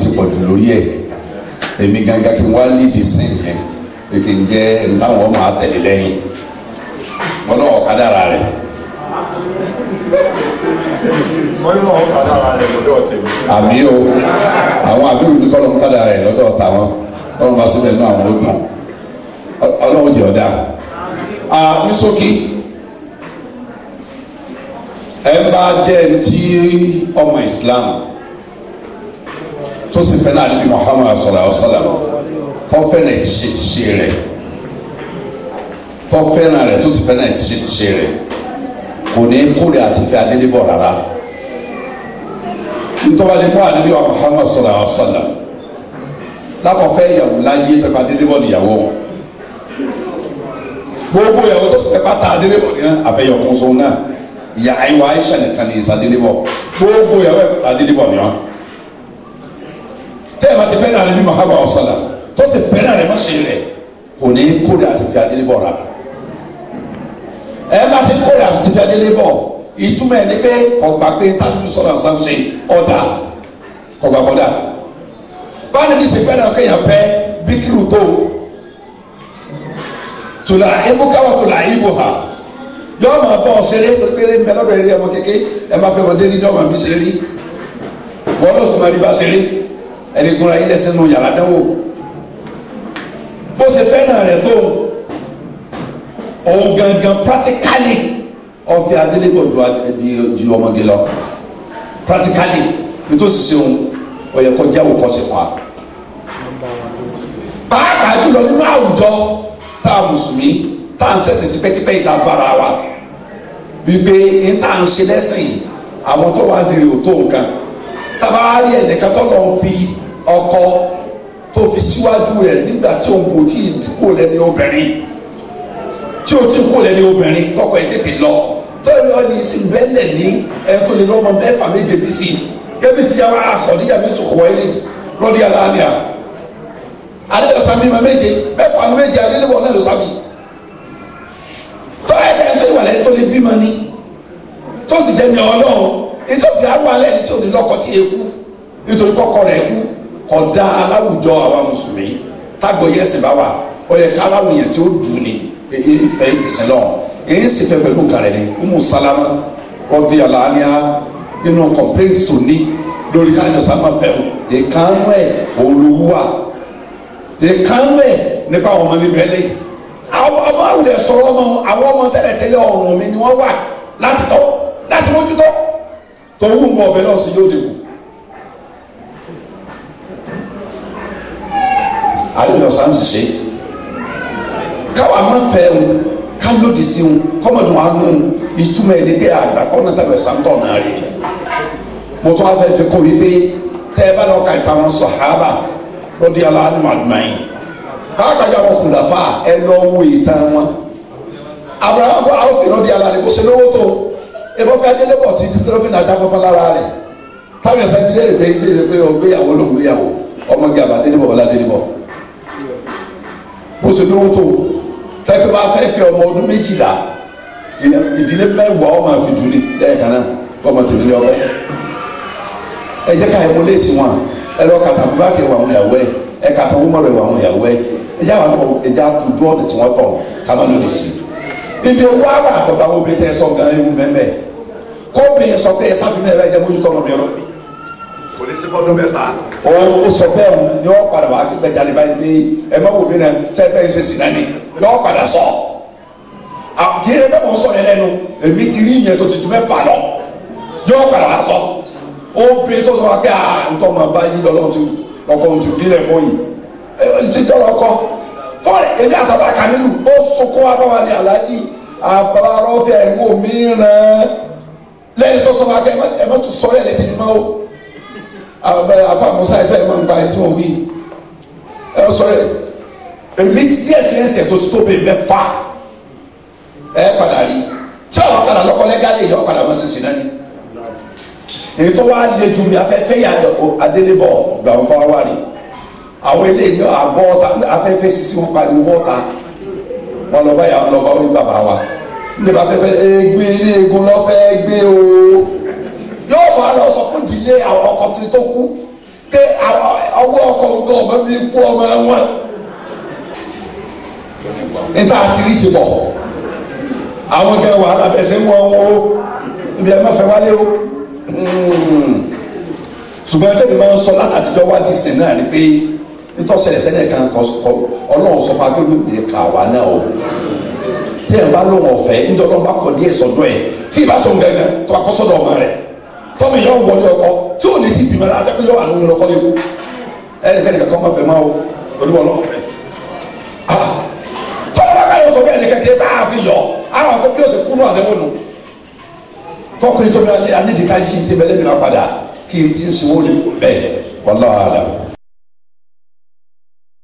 ti wá lórí ẹ̀ èmi gangan kí n wá lídìí yẹn mọ́yìnbó ọ̀hún kàdá ara rẹ̀ lọ́dọ̀ tèmi. àmì o àwọn àbúrò ní kọ́lọ́ ń kàdá rẹ̀ lọ́dọ̀ tàwọn tọ́lọ́ bá sílẹ̀ náà àwọn ogun ọlọ́run jẹ́ ọ̀dà. ní ṣókí ẹ bá jẹ́ ẹni tí ọmọ Islam tó sì fẹ́ náà níbi Muhammad sallallahu alaihi wasallam ti, ìtìṣe tìṣe rẹ̀ tọ́fẹ́ràn rẹ̀ tó sì fẹ́ràn ìtìṣe tìṣe rẹ̀ kò ní kórè àti fẹ́ adélébọ̀ rárá ntọ́balẹ̀ kó àdébí wa Muhammad sallallahu alaihi wa sallam lakọfẹ yàwó láyé pẹpẹ adélébọ nìyàwó gbogbo yàwó tó sẹ pátá adélébọ nìyà àfẹyọkùn sọ náà yà àyíwá Aisha nìkan ní ìsàdélébọ gbogbo yàwó adélébọ nìyà tẹ́ẹ̀ bá ti fẹ́ náà níbi Muhammad ọ̀sálà tó sì fẹ́ náà rẹ̀ má ṣe rẹ̀ kò ní kórè àti fi adélébọ rà ẹ̀ má ti kórè àti fi adélébọ ìtumọ̀ ẹ̀ ní pé ọgbà pé tábìlì sọ̀rọ̀ àṣàṣe ọ̀dà ọgbà kọ̀dà báyìí ní sèpẹ́ náà kéèyàn fẹ́ bíkìrù tó tòlà ébùkáwà tòlà ìbò ha yọ ọmọ bọ ọsẹrẹ péré ń bẹ lọ́dọ̀ eré ọmọ kéke ẹ má fẹ́ wọn dé nídìí ọmọ mi sẹrí wọn lọ sọmọ àdìbà sẹrí ẹni gbọrọ ayé lẹsẹ nù yàrá dánwò bó ṣe fẹ́ náà rẹ̀ tó òun gangan practically ọfẹ adélébọ̀ ju ju ọmọge lọ practically nítòsí sẹ́wọ̀n ọ̀yẹ̀kọ́ jẹ́ òkọ́ sí fún wa. pàápàá jùlọ nínú àwùjọ tá a mùsùlùmí tá a ń ṣẹ̀sìn tipẹ́tipẹ́ ìta bára wa wípé n tá a ń ṣe lẹ́sìn àwọn tó wà dìrì ò tó nǹkan tábà rí ẹ̀nìkan tó lọ fi ọkọ tó fi síwájú rẹ̀ nígbà tí òun kò tí ì kó lẹ́ni obìnrin tí o ti kó lẹ́ni obìnrin tọkọ ẹ̀ tètè lọ tọ́rọ ọ̀nì ìsìnbẹ́lẹ̀ ní ẹ̀kọ́ lè lọ́mọ mẹ́fà méje bí sí kébì tí yàrá àkọ́díyà mi tó kọ́ ẹ́ lọ́dí aláàlíà alẹ́lọ́sà mímọ méje mẹ́fà méje alẹ́lẹ́wọ̀ náà lọ́sà mi tọ́ ẹ̀dẹ́ tó ìwà lẹ́yìn tó lè bímọ ní tó sì jẹ́ mi ọlọ́run ìtòfin àwọn alẹ́ tí ò ní lọ́kọ tí eku nítorí kọ́kọ́ rẹ̀ kú kọ́ da aláwùjọ àwa mùsùlùmí tágbọ̀ yẹ́sìn bá wà ó yẹ ká aláwùjọ tí ó dùn ní ìfẹ́ ìfìsìn lọ́wọ́ èyí sì fẹ́ pẹ̀lú nǹkan rẹ̀ ni umu salama rọ́bì alaniya nínú complaints tó ní lórí káyọ̀ sábà fẹ́ràn ìkànnú ẹ̀ olùwà ìkànnú ẹ̀ nípa àwọn ọmọ níbẹ̀ lé àwọn ọmọ àwùjọ sọ̀rọ̀ ọmọ àwọn ọmọ tẹ́lẹ̀tẹ́lẹ̀ ọ̀rùn mi ni wọ́n wà láti tọ́ láti mójútó tòwú ń bọ̀ ọ̀bẹ náà sí yóò dìbò àwùjọ sáà ń ṣiṣẹ́ káwa máa fẹ́ràn ká lòdì sí wọn kọ́mọ̀dún wa nù ìtumọ̀ ẹni pé àgbà kọ́nà tàbí sàǹtọ̀ náà rí mo tún wá fẹ́ fi kó wípé tẹ́ ẹ bá lọ ka ìtàn sọ̀hábà lọ́dí aláàánú àdùmáyìn pàápàá àwọn kùlàfà ẹ lọ wo ìtàn wọn abrahamu bọ́ àwọn fèrè lọ́dí aláàánú kò ṣe lówó tó ebó fẹ́ adélébọ̀ tí dísẹ́lófin àdá fọ́fọ́ lára rẹ̀ táwọn ẹ̀sán ti léèrè pé ṣe é pé ọgbéyàwó ló ń gbéyàwó ọmọge àbá adélébọ̀ wọlé adélébọ̀ kò ṣe lówó tó tẹ́kọ̀ bá fẹ́ fẹ́ ọmọ ọdún méjìlá ìdílé mẹ́wàá ọmọ àfijù ni lẹ́ẹ̀kan náà fọmọ tèmi lé ọfẹ́ ẹ jẹ́ ká emulate wọn ẹ lọ kàtà búrákì wà wọn ìyàwó ẹ ẹ kàtà owó mọ̀rọ̀ wà wọn ìyàwó ẹ ẹ jẹ́ àwọn ẹ jẹ́ àtúntò ọ̀dẹ tí wọ́n tọ̀ ká má lòdì sí i ibi owó àwọn àtọ̀gbà wo bi tẹ ẹ sọ gan ewu mẹ́mẹ́ kó mi sọ pé ẹ sáfì náà ẹ jẹ́ mójútó ọmọ mi ọlọ́pì kò ní sí fọdún mẹ́ta. ó sọ bẹ́ẹ̀ ni wọ́n padà wá gbẹ́jalè báyìí pé ẹ lọ́wọ́ padà sọ àbùkí ẹ bẹ́ẹ̀ mọ̀ ń sọ̀rọ̀ ẹlẹ́nu èmi ti rí ìyẹn tó ti tu mẹ́fà lọ yọ́ọ́ padà wá sọ ó pe tó sọ wá pé à ah, ntọ́ máa bá yí lọ́lọ́ ti lọ́kọ́ ti fi lẹ̀ fún yìí ẹ ti dọ́lọ́ kọ́ fọ́ọ̀rẹ́ èmi àtàbà kàmínú ó sunkún abáwa ní aláàjì àbárọ́fẹ́ ẹ̀wọ̀ mìíràn lẹ́yìn tó sọ wá pé ẹ má tún sọ́rọ̀ ẹ̀ lẹ́tì ní máa wò àfàmùsá ẹ̀fẹ́ ẹ̀ máa ń gba ẹ̀ tí wọ́n wí ẹ̀ sọ́rọ̀ ẹ̀ èmi ní ẹ̀fíẹ́sì tó ti tóbi mẹ́fà ẹ̀ padà rí tí ọ̀rọ̀ padà lọ́kọ́ lẹ́gàlì yọ̀ padà wọ́n ṣèṣì náà ni èyí tó wá lé ju mi afẹ́fẹ́ yà adélébọ̀ gbàgbọ́n kọ́ wá rí sisi wọn pariwo bọ́ọ̀ta wọn lọ wa níbi afẹ́fẹ́ egbé eégún lọ́fẹ́ gbé o yóò wá lọ sọ fún ìdílé àwọn tó kú pé ọwọ́ níta àti rí ti pọ̀ àwọn kẹ wàhálà bẹ̀sẹ̀ ń wọ o ibi ẹ̀ mọ̀fẹ́ wálé o hmm. ṣùgbọ́n mi máa ń sọ látàtijọ́ wádìí sìn náà ni pé nítọ́sẹ̀ ẹ̀sẹ̀lẹ̀ kan kọ ọlọ́run sọ fún akéwì òbí kà wá náà o tí ẹ̀ bá lóun ọ̀fẹ́ nítorí ọba kọ̀ díẹ̀ sọ́dọ̀ ẹ̀ tí ì bá sọ gẹ́gẹ́ tó bá kọ́ sọ́dọ̀ ọmọ rẹ̀ tọ́mọ ìyá òun wọlé ọkọ tí ò ní ti bímọ rẹ̀ ajá pé yọ àlóyún ọkọ yẹ kú ẹnikẹ́ni kankan máa fẹ́ máa o olúwọlọ́ọ̀fẹ́ ah sọ bẹ́ẹ̀ ní kékeré bá a fi yọ àwọn akọ bí o sì kúrò àdéhùn nù kọkùnrin alẹ́ ti ká yí ti bẹ́ẹ̀ lẹ́mìíràn padà kí n ti ń sinwó ní bẹ́ẹ̀ wàlláhàlà.